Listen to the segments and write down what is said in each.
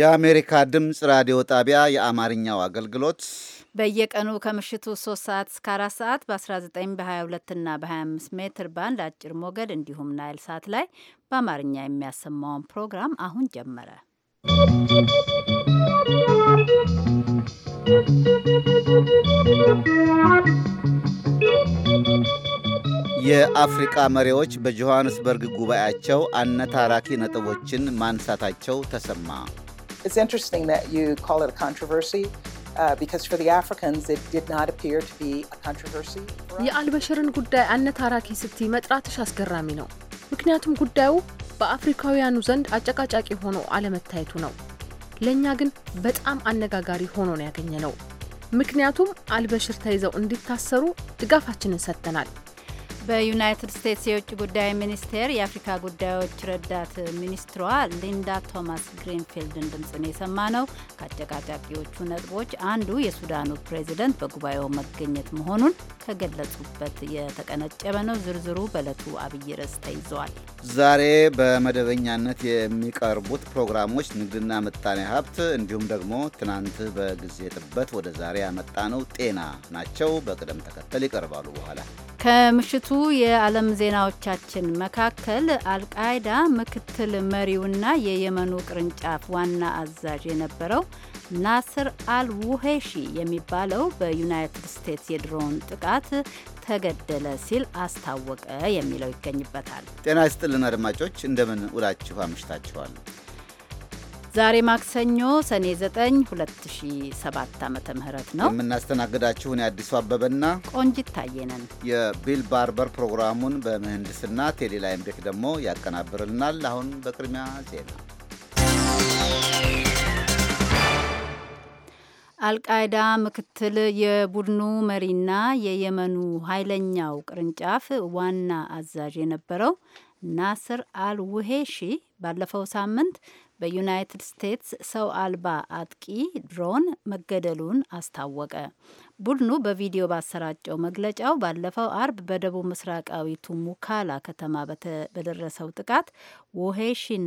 የአሜሪካ ድምፅ ራዲዮ ጣቢያ የአማርኛው አገልግሎት በየቀኑ ከምሽቱ 3 ሰዓት እስከ 4 ሰዓት በ19 በ22 እና በ25 ሜትር ባንድ አጭር ሞገድ እንዲሁም ናይል ሳት ላይ በአማርኛ የሚያሰማውን ፕሮግራም አሁን ጀመረ። የአፍሪቃ መሪዎች በጆሐንስበርግ ጉባኤያቸው አነታራኪ ነጥቦችን ማንሳታቸው ተሰማ። It's interesting that you call it a controversy. Uh, because for the Africans it did not appear to be a controversy. የአልበሽርን ጉዳይ አነታራኪ ስትይ መጥራትሽ አስገራሚ ነው። ምክንያቱም ጉዳዩ በአፍሪካውያኑ ዘንድ አጨቃጫቂ ሆኖ አለመታየቱ ነው። ለእኛ ግን በጣም አነጋጋሪ ሆኖ ነው ያገኘ ነው። ምክንያቱም አልበሽር ተይዘው እንዲታሰሩ ድጋፋችንን ሰጥተናል። በዩናይትድ ስቴትስ የውጭ ጉዳይ ሚኒስቴር የአፍሪካ ጉዳዮች ረዳት ሚኒስትሯ ሊንዳ ቶማስ ግሪንፊልድን ድምፅን የሰማ ነው። ከአጨቃጫቂዎቹ ነጥቦች አንዱ የሱዳኑ ፕሬዚደንት በጉባኤው መገኘት መሆኑን ከገለጹበት የተቀነጨበ ነው። ዝርዝሩ በዕለቱ አብይ ርዕስ ተይዘዋል። ዛሬ በመደበኛነት የሚቀርቡት ፕሮግራሞች ንግድና ምጣኔ ሀብት እንዲሁም ደግሞ ትናንት በጊዜ ጥበት ወደ ዛሬ ያመጣ ነው ጤና ናቸው። በቅደም ተከተል ይቀርባሉ። በኋላ ከምሽቱ የዓለም ዜናዎቻችን መካከል አልቃይዳ ምክትል መሪውና የየመኑ ቅርንጫፍ ዋና አዛዥ የነበረው ናስር አል ውሄሺ የሚባለው በዩናይትድ ስቴትስ የድሮን ጥቃት ተገደለ ሲል አስታወቀ የሚለው ይገኝበታል። ጤና ይስጥልን አድማጮች፣ እንደምን ውላችሁ አምሽታችኋል። ዛሬ ማክሰኞ ሰኔ 9 2007 ዓ ም ነው የምናስተናግዳችሁን የአዲሱ አበበና ቆንጂት ታየነን። የቢል ባርበር ፕሮግራሙን በምህንድስና ቴሌላይም ቤክ ደግሞ ያቀናብርልናል። አሁን በቅድሚያ ዜና። አልቃይዳ ምክትል የቡድኑ መሪና የየመኑ ኃይለኛው ቅርንጫፍ ዋና አዛዥ የነበረው ናስር አልውሄሺ ባለፈው ሳምንት በዩናይትድ ስቴትስ ሰው አልባ አጥቂ ድሮን መገደሉን አስታወቀ። ቡድኑ በቪዲዮ ባሰራጨው መግለጫው ባለፈው አርብ በደቡብ ምስራቃዊቱ ሙካላ ከተማ በደረሰው ጥቃት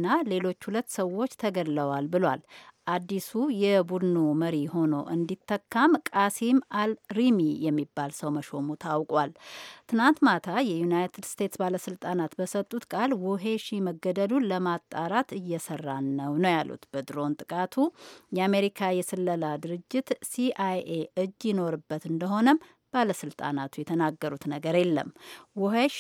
ና ሌሎች ሁለት ሰዎች ተገድለዋል ብሏል። አዲሱ የቡድኑ መሪ ሆኖ እንዲተካም ቃሲም አልሪሚ የሚባል ሰው መሾሙ ታውቋል። ትናንት ማታ የዩናይትድ ስቴትስ ባለስልጣናት በሰጡት ቃል ውሄሺ መገደሉን ለማጣራት እየሰራን ነው ነው ያሉት። በድሮን ጥቃቱ የአሜሪካ የስለላ ድርጅት ሲአይኤ እጅ ይኖርበት እንደሆነም ባለስልጣናቱ የተናገሩት ነገር የለም። ውሄሺ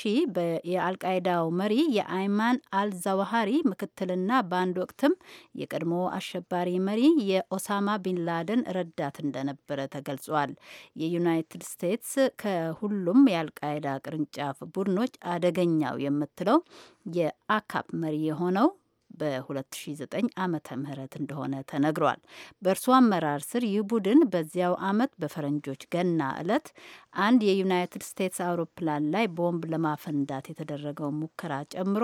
የአልቃይዳው መሪ የአይማን አልዛዋሃሪ ምክትልና በአንድ ወቅትም የቀድሞ አሸባሪ መሪ የኦሳማ ቢንላደን ረዳት እንደነበረ ተገልጿል። የዩናይትድ ስቴትስ ከሁሉም የአልቃይዳ ቅርንጫፍ ቡድኖች አደገኛው የምትለው የአካፕ መሪ የሆነው በ2009 ዓመተ ምህረት እንደሆነ ተነግሯል። በእርሱ አመራር ስር ይህ ቡድን በዚያው ዓመት በፈረንጆች ገና ዕለት አንድ የዩናይትድ ስቴትስ አውሮፕላን ላይ ቦምብ ለማፈንዳት የተደረገውን ሙከራ ጨምሮ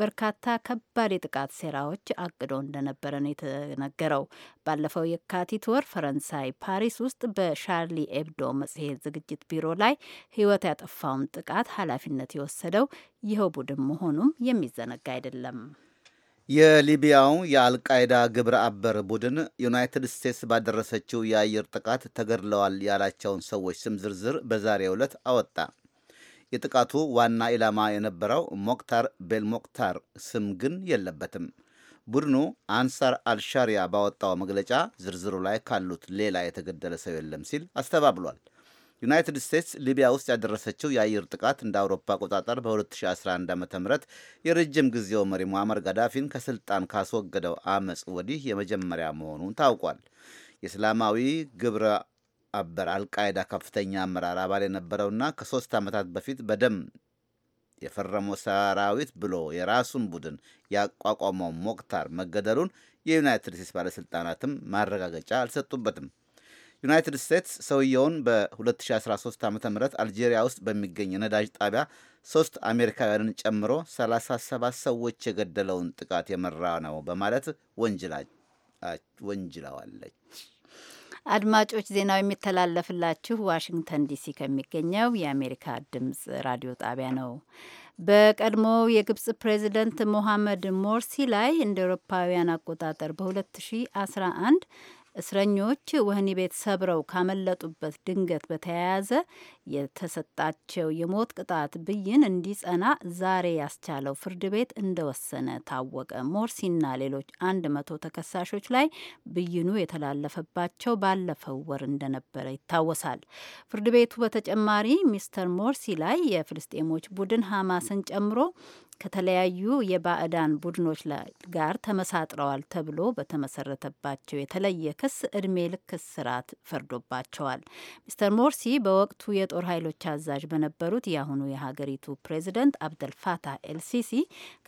በርካታ ከባድ የጥቃት ሴራዎች አቅዶ እንደነበረ ነው የተነገረው። ባለፈው የካቲት ወር ፈረንሳይ ፓሪስ ውስጥ በሻርሊ ኤብዶ መጽሔት ዝግጅት ቢሮ ላይ ሕይወት ያጠፋውን ጥቃት ኃላፊነት የወሰደው ይኸው ቡድን መሆኑም የሚዘነጋ አይደለም። የሊቢያው የአልቃይዳ ግብረ አበር ቡድን ዩናይትድ ስቴትስ ባደረሰችው የአየር ጥቃት ተገድለዋል ያላቸውን ሰዎች ስም ዝርዝር በዛሬው ዕለት አወጣ። የጥቃቱ ዋና ኢላማ የነበረው ሞክታር ቤልሞክታር ስም ግን የለበትም። ቡድኑ አንሳር አልሻሪያ ባወጣው መግለጫ ዝርዝሩ ላይ ካሉት ሌላ የተገደለ ሰው የለም ሲል አስተባብሏል። ዩናይትድ ስቴትስ ሊቢያ ውስጥ ያደረሰችው የአየር ጥቃት እንደ አውሮፓ አቆጣጠር በ2011 ዓ ም የረጅም ጊዜው መሪ ሙአመር ጋዳፊን ከስልጣን ካስወገደው አመፅ ወዲህ የመጀመሪያ መሆኑን ታውቋል። የእስላማዊ ግብረ አበር አልቃይዳ ከፍተኛ አመራር አባል የነበረውና ከሶስት ዓመታት በፊት በደም የፈረመው ሰራዊት ብሎ የራሱን ቡድን ያቋቋመው ሞክታር መገደሉን የዩናይትድ ስቴትስ ባለሥልጣናትም ማረጋገጫ አልሰጡበትም። ዩናይትድ ስቴትስ ሰውየውን በ2013 ዓ ም አልጄሪያ ውስጥ በሚገኝ ነዳጅ ጣቢያ ሶስት አሜሪካውያንን ጨምሮ 37 ሰዎች የገደለውን ጥቃት የመራ ነው በማለት ወንጅላዋለች። አድማጮች ዜናው የሚተላለፍላችሁ ዋሽንግተን ዲሲ ከሚገኘው የአሜሪካ ድምፅ ራዲዮ ጣቢያ ነው። በቀድሞው የግብጽ ፕሬዚደንት ሞሐመድ ሞርሲ ላይ እንደ ኤሮፓውያን አቆጣጠር በ2011 እስረኞች ወህኒ ቤት ሰብረው ካመለጡበት ድንገት በተያያዘ የተሰጣቸው የሞት ቅጣት ብይን እንዲጸና ዛሬ ያስቻለው ፍርድ ቤት እንደወሰነ ታወቀ። ሞርሲና ሌሎች አንድ መቶ ተከሳሾች ላይ ብይኑ የተላለፈባቸው ባለፈው ወር እንደነበረ ይታወሳል። ፍርድ ቤቱ በተጨማሪ ሚስተር ሞርሲ ላይ የፍልስጤሞች ቡድን ሀማስን ጨምሮ ከተለያዩ የባዕዳን ቡድኖች ጋር ተመሳጥረዋል ተብሎ በተመሰረተባቸው የተለየ ክስ እድሜ ልክ እስራት ፈርዶባቸዋል። ሚስተር ሞርሲ በወቅቱ የጦር ኃይሎች አዛዥ በነበሩት የአሁኑ የሀገሪቱ ፕሬዚደንት አብደልፋታህ ኤልሲሲ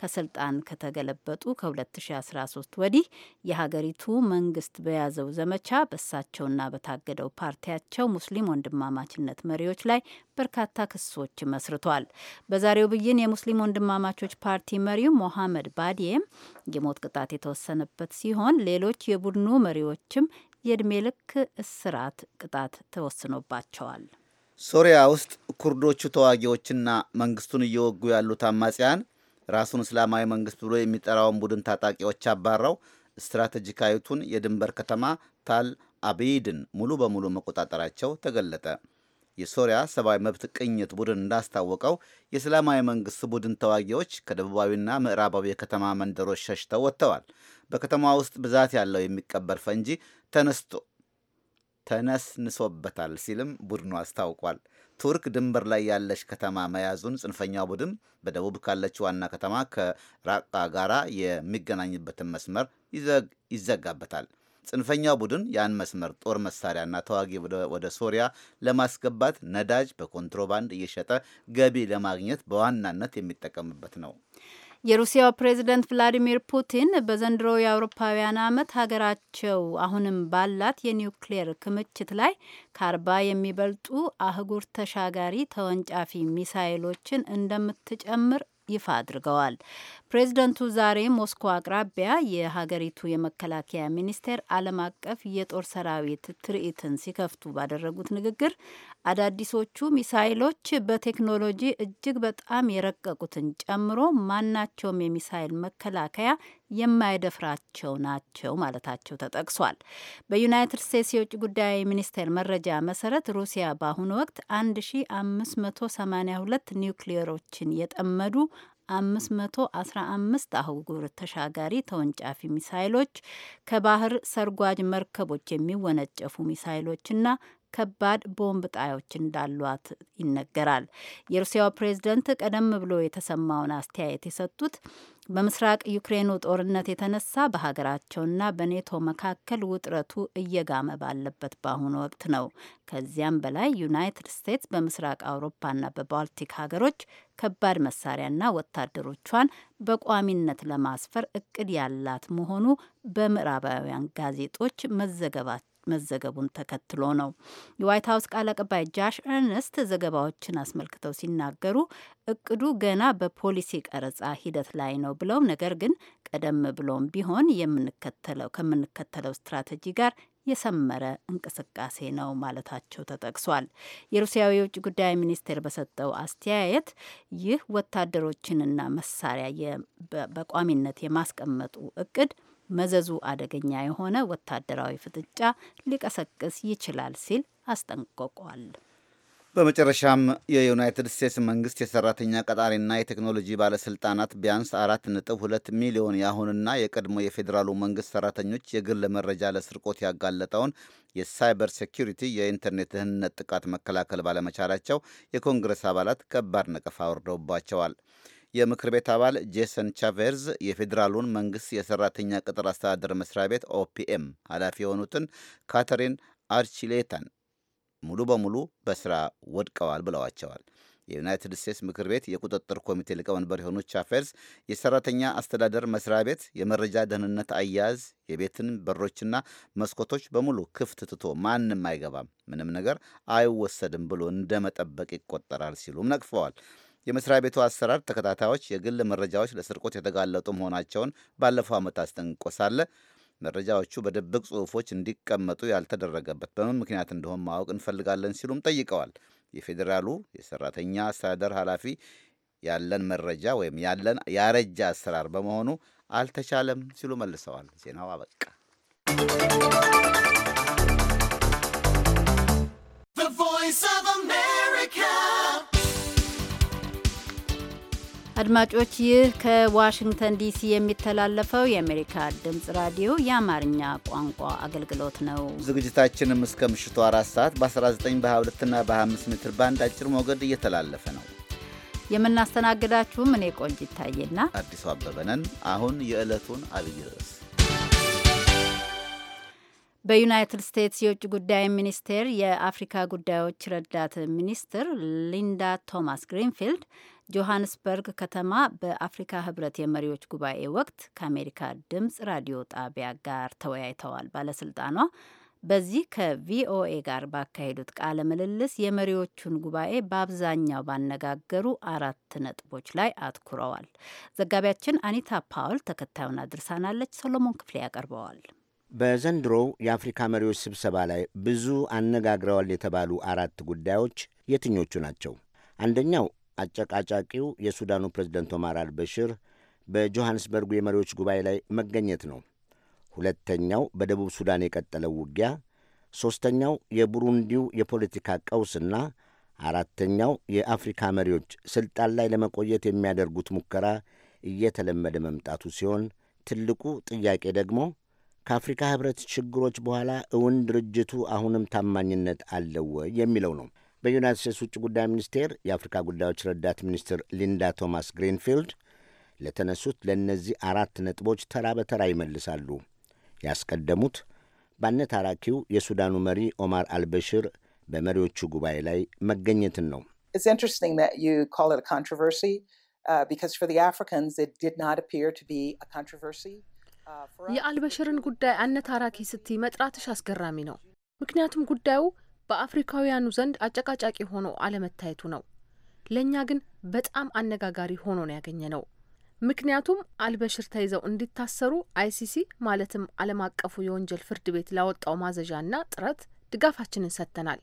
ከስልጣን ከተገለበጡ ከ2013 ወዲህ የሀገሪቱ መንግስት በያዘው ዘመቻ በእሳቸውና በታገደው ፓርቲያቸው ሙስሊም ወንድማማችነት መሪዎች ላይ በርካታ ክሶች መስርቷል። በዛሬው ብይን የሙስሊም ወንድማማ የዲሞክራቶች ፓርቲ መሪው ሞሐመድ ባዲየም የሞት ቅጣት የተወሰነበት ሲሆን ሌሎች የቡድኑ መሪዎችም የእድሜ ልክ እስራት ቅጣት ተወስኖባቸዋል። ሶሪያ ውስጥ ኩርዶቹ ተዋጊዎችና መንግስቱን እየወጉ ያሉት አማጽያን ራሱን እስላማዊ መንግስት ብሎ የሚጠራውን ቡድን ታጣቂዎች አባረው ስትራቴጂካዊቱን የድንበር ከተማ ታል አብይድን ሙሉ በሙሉ መቆጣጠራቸው ተገለጠ። የሶሪያ ሰብአዊ መብት ቅኝት ቡድን እንዳስታወቀው የእስላማዊ መንግስት ቡድን ተዋጊዎች ከደቡባዊና ምዕራባዊ የከተማ መንደሮች ሸሽተው ወጥተዋል። በከተማ ውስጥ ብዛት ያለው የሚቀበር ፈንጂ ተነስቶ ተነስንሶበታል ሲልም ቡድኑ አስታውቋል። ቱርክ ድንበር ላይ ያለች ከተማ መያዙን ጽንፈኛው ቡድን በደቡብ ካለች ዋና ከተማ ከራቃ ጋራ የሚገናኝበትን መስመር ይዘጋበታል። ጽንፈኛው ቡድን ያን መስመር ጦር መሳሪያና ተዋጊ ወደ ሶሪያ ለማስገባት ነዳጅ በኮንትሮባንድ እየሸጠ ገቢ ለማግኘት በዋናነት የሚጠቀምበት ነው። የሩሲያው ፕሬዝደንት ቭላዲሚር ፑቲን በዘንድሮ የአውሮፓውያን ዓመት ሀገራቸው አሁንም ባላት የኒውክሌር ክምችት ላይ ከአርባ የሚበልጡ አህጉር ተሻጋሪ ተወንጫፊ ሚሳይሎችን እንደምትጨምር ይፋ አድርገዋል። ፕሬዝደንቱ ዛሬ ሞስኮ አቅራቢያ የሀገሪቱ የመከላከያ ሚኒስቴር ዓለም አቀፍ የጦር ሰራዊት ትርኢትን ሲከፍቱ ባደረጉት ንግግር አዳዲሶቹ ሚሳይሎች በቴክኖሎጂ እጅግ በጣም የረቀቁትን ጨምሮ ማናቸውም የሚሳይል መከላከያ የማይደፍራቸው ናቸው ማለታቸው ተጠቅሷል። በዩናይትድ ስቴትስ የውጭ ጉዳይ ሚኒስቴር መረጃ መሰረት ሩሲያ በአሁኑ ወቅት 1582 ኒውክሊየሮችን የጠመዱ 515 አህጉር ተሻጋሪ ተወንጫፊ ሚሳይሎች ከባህር ሰርጓጅ መርከቦች የሚወነጨፉ ሚሳይሎችና ከባድ ቦምብ ጣዮች እንዳሏት ይነገራል። የሩሲያው ፕሬዝደንት ቀደም ብሎ የተሰማውን አስተያየት የሰጡት በምስራቅ ዩክሬኑ ጦርነት የተነሳ በሀገራቸውና በኔቶ መካከል ውጥረቱ እየጋመ ባለበት በአሁኑ ወቅት ነው። ከዚያም በላይ ዩናይትድ ስቴትስ በምስራቅ አውሮፓና በባልቲክ ሀገሮች ከባድ መሳሪያና ወታደሮቿን በቋሚነት ለማስፈር እቅድ ያላት መሆኑ በምዕራባውያን ጋዜጦች መዘገባቸው መዘገቡን ተከትሎ ነው። የዋይት ሀውስ ቃል አቀባይ ጃሽ ኤርነስት ዘገባዎችን አስመልክተው ሲናገሩ እቅዱ ገና በፖሊሲ ቀረጻ ሂደት ላይ ነው ብለው ነገር ግን ቀደም ብሎም ቢሆን የምንከተለው ከምንከተለው ስትራቴጂ ጋር የሰመረ እንቅስቃሴ ነው ማለታቸው ተጠቅሷል። የሩሲያው የውጭ ጉዳይ ሚኒስቴር በሰጠው አስተያየት ይህ ወታደሮችንና መሳሪያ በቋሚነት የማስቀመጡ እቅድ መዘዙ አደገኛ የሆነ ወታደራዊ ፍጥጫ ሊቀሰቅስ ይችላል ሲል አስጠንቅቋል። በመጨረሻም የዩናይትድ ስቴትስ መንግስት የሰራተኛ ቀጣሪና የቴክኖሎጂ ባለስልጣናት ቢያንስ አራት ነጥብ ሁለት ሚሊዮን የአሁንና የቀድሞ የፌዴራሉ መንግስት ሰራተኞች የግል መረጃ ለስርቆት ያጋለጠውን የሳይበር ሴኪሪቲ የኢንተርኔት ደህንነት ጥቃት መከላከል ባለመቻላቸው የኮንግረስ አባላት ከባድ ነቀፋ ወርደውባቸዋል። የምክር ቤት አባል ጄሰን ቻቬርዝ የፌዴራሉን መንግስት የሰራተኛ ቅጥር አስተዳደር መስሪያ ቤት ኦፒኤም ኃላፊ የሆኑትን ካተሪን አርቺሌታን ሙሉ በሙሉ በስራ ወድቀዋል ብለዋቸዋል። የዩናይትድ ስቴትስ ምክር ቤት የቁጥጥር ኮሚቴ ሊቀመንበር የሆኑት ቻፌርዝ የሰራተኛ አስተዳደር መስሪያ ቤት የመረጃ ደህንነት አያያዝ የቤትን በሮችና መስኮቶች በሙሉ ክፍት ትቶ ማንም አይገባም፣ ምንም ነገር አይወሰድም ብሎ እንደመጠበቅ ይቆጠራል ሲሉም ነቅፈዋል። የመስሪያ ቤቱ አሰራር ተከታታዮች የግል መረጃዎች ለስርቆት የተጋለጡ መሆናቸውን ባለፈው ዓመት አስጠንቅቆ ሳለ መረጃዎቹ በድብቅ ጽሁፎች እንዲቀመጡ ያልተደረገበት በምን ምክንያት እንደሆን ማወቅ እንፈልጋለን ሲሉም ጠይቀዋል። የፌዴራሉ የሰራተኛ አስተዳደር ኃላፊ ያለን መረጃ ወይም ያለን ያረጀ አሰራር በመሆኑ አልተቻለም ሲሉ መልሰዋል። ዜናው አበቃ። ቮይስ ኦፍ አሜሪካ አድማጮች ይህ ከዋሽንግተን ዲሲ የሚተላለፈው የአሜሪካ ድምፅ ራዲዮ የአማርኛ ቋንቋ አገልግሎት ነው። ዝግጅታችንም እስከ ምሽቱ አራት ሰዓት በ19 በ22ና በ25 ሜትር ባንድ አጭር ሞገድ እየተላለፈ ነው። የምናስተናግዳችሁም እኔ ቆንጅ ይታየና አዲሱ አበበነን። አሁን የዕለቱን አብይ ርዕስ በዩናይትድ ስቴትስ የውጭ ጉዳይ ሚኒስቴር የአፍሪካ ጉዳዮች ረዳት ሚኒስትር ሊንዳ ቶማስ ግሪንፊልድ ጆሃንስበርግ ከተማ በአፍሪካ ህብረት የመሪዎች ጉባኤ ወቅት ከአሜሪካ ድምፅ ራዲዮ ጣቢያ ጋር ተወያይተዋል። ባለስልጣኗ በዚህ ከቪኦኤ ጋር ባካሄዱት ቃለ ምልልስ የመሪዎቹን ጉባኤ በአብዛኛው ባነጋገሩ አራት ነጥቦች ላይ አትኩረዋል። ዘጋቢያችን አኒታ ፓውል ተከታዩን አድርሳናለች። ሰሎሞን ክፍሌ ያቀርበዋል። በዘንድሮው የአፍሪካ መሪዎች ስብሰባ ላይ ብዙ አነጋግረዋል የተባሉ አራት ጉዳዮች የትኞቹ ናቸው? አንደኛው አጨቃጫቂው የሱዳኑ ፕሬዝደንት ኦማር አልበሽር በጆሐንስበርጉ የመሪዎች ጉባኤ ላይ መገኘት ነው። ሁለተኛው በደቡብ ሱዳን የቀጠለው ውጊያ፣ ሦስተኛው የቡሩንዲው የፖለቲካ ቀውስና አራተኛው የአፍሪካ መሪዎች ሥልጣን ላይ ለመቆየት የሚያደርጉት ሙከራ እየተለመደ መምጣቱ ሲሆን ትልቁ ጥያቄ ደግሞ ከአፍሪካ ኅብረት ችግሮች በኋላ እውን ድርጅቱ አሁንም ታማኝነት አለው የሚለው ነው። በዩናይት ስቴትስ ውጭ ጉዳይ ሚኒስቴር የአፍሪካ ጉዳዮች ረዳት ሚኒስትር ሊንዳ ቶማስ ግሪንፊልድ ለተነሱት ለእነዚህ አራት ነጥቦች ተራ በተራ ይመልሳሉ። ያስቀደሙት አራኪው የሱዳኑ መሪ ኦማር አልበሽር በመሪዎቹ ጉባኤ ላይ መገኘትን ነው። uh, uh, የአልበሽርን ጉዳይ አነታራኪ ስትይ መጥራትሽ አስገራሚ ነው። ምክንያቱም ጉዳዩ በአፍሪካውያኑ ዘንድ አጨቃጫቂ ሆኖ አለመታየቱ ነው። ለእኛ ግን በጣም አነጋጋሪ ሆኖ ነው ያገኘ ነው። ምክንያቱም አልበሽር ተይዘው እንዲታሰሩ አይሲሲ ማለትም ዓለም አቀፉ የወንጀል ፍርድ ቤት ላወጣው ማዘዣና ጥረት ድጋፋችንን ሰጥተናል።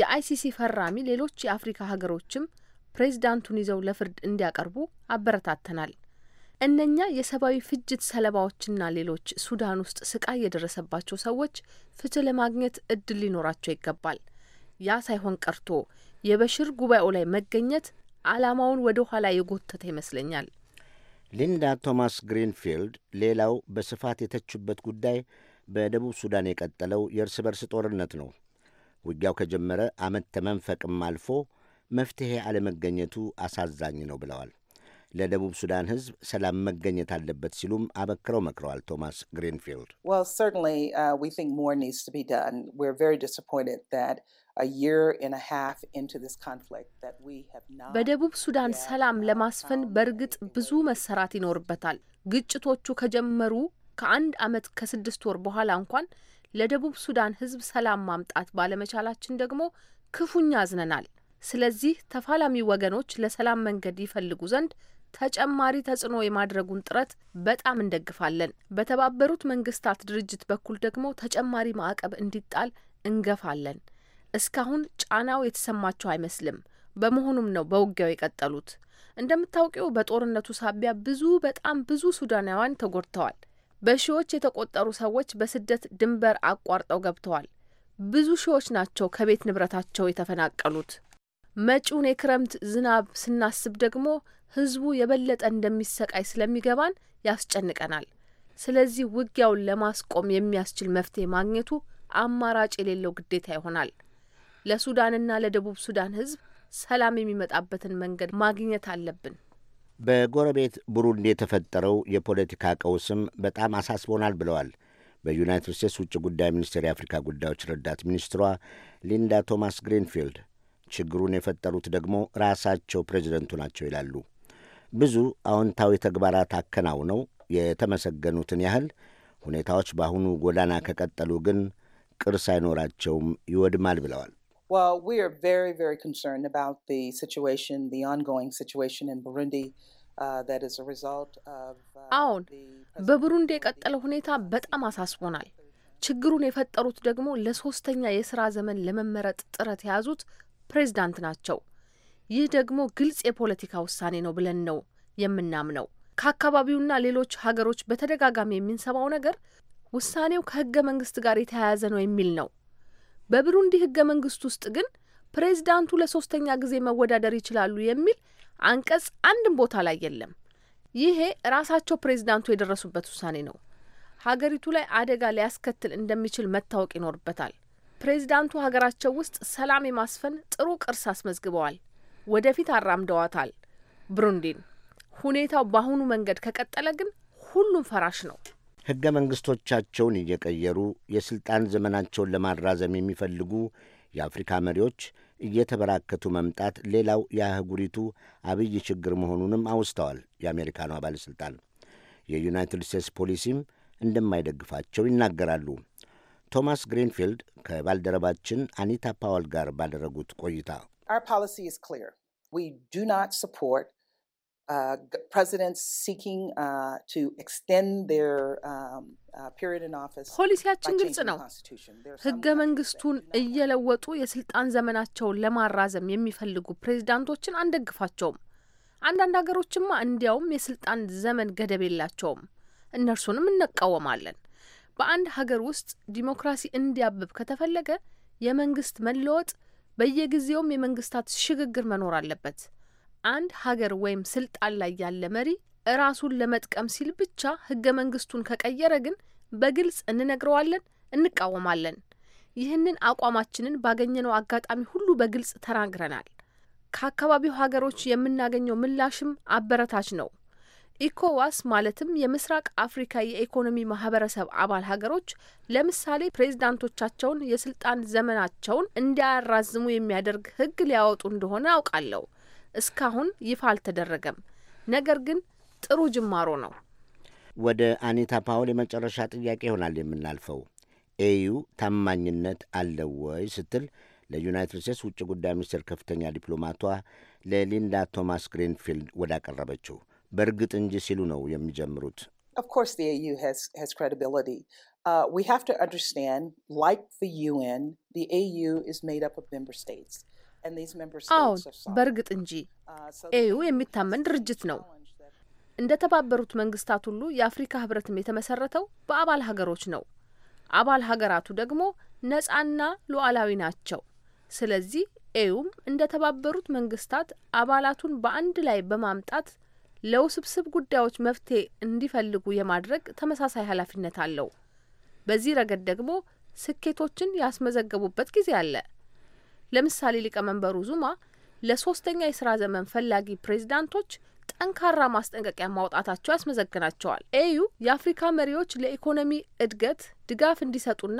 የአይሲሲ ፈራሚ ሌሎች የአፍሪካ ሀገሮችም ፕሬዚዳንቱን ይዘው ለፍርድ እንዲያቀርቡ አበረታተናል። እነኛ የሰብአዊ ፍጅት ሰለባዎችና ሌሎች ሱዳን ውስጥ ስቃይ የደረሰባቸው ሰዎች ፍትህ ለማግኘት እድል ሊኖራቸው ይገባል። ያ ሳይሆን ቀርቶ የበሽር ጉባኤው ላይ መገኘት ዓላማውን ወደ ኋላ የጎተተ ይመስለኛል። ሊንዳ ቶማስ ግሪንፊልድ ሌላው በስፋት የተችበት ጉዳይ በደቡብ ሱዳን የቀጠለው የእርስ በርስ ጦርነት ነው። ውጊያው ከጀመረ ዓመት ተመንፈቅም አልፎ መፍትሔ አለመገኘቱ አሳዛኝ ነው ብለዋል። ለደቡብ ሱዳን ሕዝብ ሰላም መገኘት አለበት ሲሉም አበክረው መክረዋል። ቶማስ ግሪንፊልድ uh, በደቡብ ሱዳን ሰላም uh, ለማስፈን በእርግጥ ብዙ መሰራት ይኖርበታል። ግጭቶቹ ከጀመሩ ከአንድ ዓመት ከስድስት ወር በኋላ እንኳን ለደቡብ ሱዳን ሕዝብ ሰላም ማምጣት ባለመቻላችን ደግሞ ክፉኛ አዝነናል። ስለዚህ ተፋላሚ ወገኖች ለሰላም መንገድ ይፈልጉ ዘንድ ተጨማሪ ተጽዕኖ የማድረጉን ጥረት በጣም እንደግፋለን። በተባበሩት መንግስታት ድርጅት በኩል ደግሞ ተጨማሪ ማዕቀብ እንዲጣል እንገፋለን። እስካሁን ጫናው የተሰማቸው አይመስልም። በመሆኑም ነው በውጊያው የቀጠሉት። እንደምታውቂው በጦርነቱ ሳቢያ ብዙ በጣም ብዙ ሱዳናውያን ተጎድተዋል። በሺዎች የተቆጠሩ ሰዎች በስደት ድንበር አቋርጠው ገብተዋል። ብዙ ሺዎች ናቸው ከቤት ንብረታቸው የተፈናቀሉት። መጪውን የክረምት ዝናብ ስናስብ ደግሞ ህዝቡ የበለጠ እንደሚሰቃይ ስለሚገባን ያስጨንቀናል። ስለዚህ ውጊያውን ለማስቆም የሚያስችል መፍትሄ ማግኘቱ አማራጭ የሌለው ግዴታ ይሆናል። ለሱዳንና ለደቡብ ሱዳን ህዝብ ሰላም የሚመጣበትን መንገድ ማግኘት አለብን። በጎረቤት ቡሩንዲ የተፈጠረው የፖለቲካ ቀውስም በጣም አሳስቦናል ብለዋል በዩናይትድ ስቴትስ ውጭ ጉዳይ ሚኒስቴር የአፍሪካ ጉዳዮች ረዳት ሚኒስትሯ ሊንዳ ቶማስ ግሪንፊልድ። ችግሩን የፈጠሩት ደግሞ ራሳቸው ፕሬዚደንቱ ናቸው ይላሉ። ብዙ አዎንታዊ ተግባራት አከናውነው የተመሰገኑትን ያህል ሁኔታዎች በአሁኑ ጎዳና ከቀጠሉ ግን ቅርስ አይኖራቸውም፣ ይወድማል ብለዋል። አዎን፣ በቡሩንዲ የቀጠለው ሁኔታ በጣም አሳስቦናል። ችግሩን የፈጠሩት ደግሞ ለሶስተኛ የስራ ዘመን ለመመረጥ ጥረት የያዙት ፕሬዝዳንት ናቸው። ይህ ደግሞ ግልጽ የፖለቲካ ውሳኔ ነው ብለን ነው የምናምነው። ከአካባቢውና ሌሎች ሀገሮች በተደጋጋሚ የሚንሰማው ነገር ውሳኔው ከህገ መንግስት ጋር የተያያዘ ነው የሚል ነው። በብሩንዲ ህገ መንግስት ውስጥ ግን ፕሬዝዳንቱ ለሶስተኛ ጊዜ መወዳደር ይችላሉ የሚል አንቀጽ አንድም ቦታ ላይ የለም። ይሄ ራሳቸው ፕሬዚዳንቱ የደረሱበት ውሳኔ ነው። ሀገሪቱ ላይ አደጋ ሊያስከትል እንደሚችል መታወቅ ይኖርበታል። ፕሬዚዳንቱ ሀገራቸው ውስጥ ሰላም የማስፈን ጥሩ ቅርስ አስመዝግበዋል። ወደፊት አራምደዋታል ብሩንዲን። ሁኔታው በአሁኑ መንገድ ከቀጠለ ግን ሁሉም ፈራሽ ነው። ሕገ መንግሥቶቻቸውን እየቀየሩ የሥልጣን ዘመናቸውን ለማራዘም የሚፈልጉ የአፍሪካ መሪዎች እየተበራከቱ መምጣት ሌላው የአህጉሪቱ አብይ ችግር መሆኑንም አውስተዋል። የአሜሪካኗ ባለሥልጣን የዩናይትድ ስቴትስ ፖሊሲም እንደማይደግፋቸው ይናገራሉ። ቶማስ ግሪንፊልድ ከባልደረባችን አኒታ ፓወል ጋር ባደረጉት ቆይታ um, uh, ፖሊሲያችን ግልጽ ነው። ህገ መንግስቱን እየለወጡ የስልጣን ዘመናቸውን ለማራዘም የሚፈልጉ ፕሬዚዳንቶችን አንደግፋቸውም። አንዳንድ ሀገሮችማ እንዲያውም የስልጣን ዘመን ገደብ የላቸውም። እነርሱንም እንቃወማለን። በአንድ ሀገር ውስጥ ዲሞክራሲ እንዲያብብ ከተፈለገ የመንግስት መለወጥ፣ በየጊዜውም የመንግስታት ሽግግር መኖር አለበት። አንድ ሀገር ወይም ስልጣን ላይ ያለ መሪ እራሱን ለመጥቀም ሲል ብቻ ህገ መንግስቱን ከቀየረ ግን በግልጽ እንነግረዋለን፣ እንቃወማለን። ይህንን አቋማችንን ባገኘነው አጋጣሚ ሁሉ በግልጽ ተናግረናል። ከአካባቢው ሀገሮች የምናገኘው ምላሽም አበረታች ነው። ኢኮዋስ ማለትም የምስራቅ አፍሪካ የኢኮኖሚ ማህበረሰብ አባል ሀገሮች ለምሳሌ ፕሬዚዳንቶቻቸውን የስልጣን ዘመናቸውን እንዳያራዝሙ የሚያደርግ ህግ ሊያወጡ እንደሆነ አውቃለሁ። እስካሁን ይፋ አልተደረገም። ነገር ግን ጥሩ ጅማሮ ነው። ወደ አኒታ ፓውል የመጨረሻ ጥያቄ ይሆናል የምናልፈው። ኤዩ ታማኝነት አለው ወይ ስትል ለዩናይትድ ስቴትስ ውጭ ጉዳይ ሚኒስቴር ከፍተኛ ዲፕሎማቷ ለሊንዳ ቶማስ ግሪንፊልድ ወዳቀረበችው በእርግጥ እንጂ ሲሉ ነው የሚጀምሩት። uh, አዎ በእርግጥ እንጂ ኤዩ uh, የሚታመን ድርጅት ነው። እንደ ተባበሩት መንግስታት ሁሉ የአፍሪካ ህብረትም የተመሰረተው በአባል ሀገሮች ነው። አባል ሀገራቱ ደግሞ ነጻና ሉዓላዊ ናቸው። ስለዚህ ኤዩም እንደ ተባበሩት መንግስታት አባላቱን በአንድ ላይ በማምጣት ለውስብስብ ጉዳዮች መፍትሄ እንዲፈልጉ የማድረግ ተመሳሳይ ኃላፊነት አለው። በዚህ ረገድ ደግሞ ስኬቶችን ያስመዘገቡበት ጊዜ አለ። ለምሳሌ ሊቀመንበሩ ዙማ ለሶስተኛ የስራ ዘመን ፈላጊ ፕሬዚዳንቶች ጠንካራ ማስጠንቀቂያ ማውጣታቸው ያስመዘግናቸዋል። ኤዩ የአፍሪካ መሪዎች ለኢኮኖሚ እድገት ድጋፍ እንዲሰጡና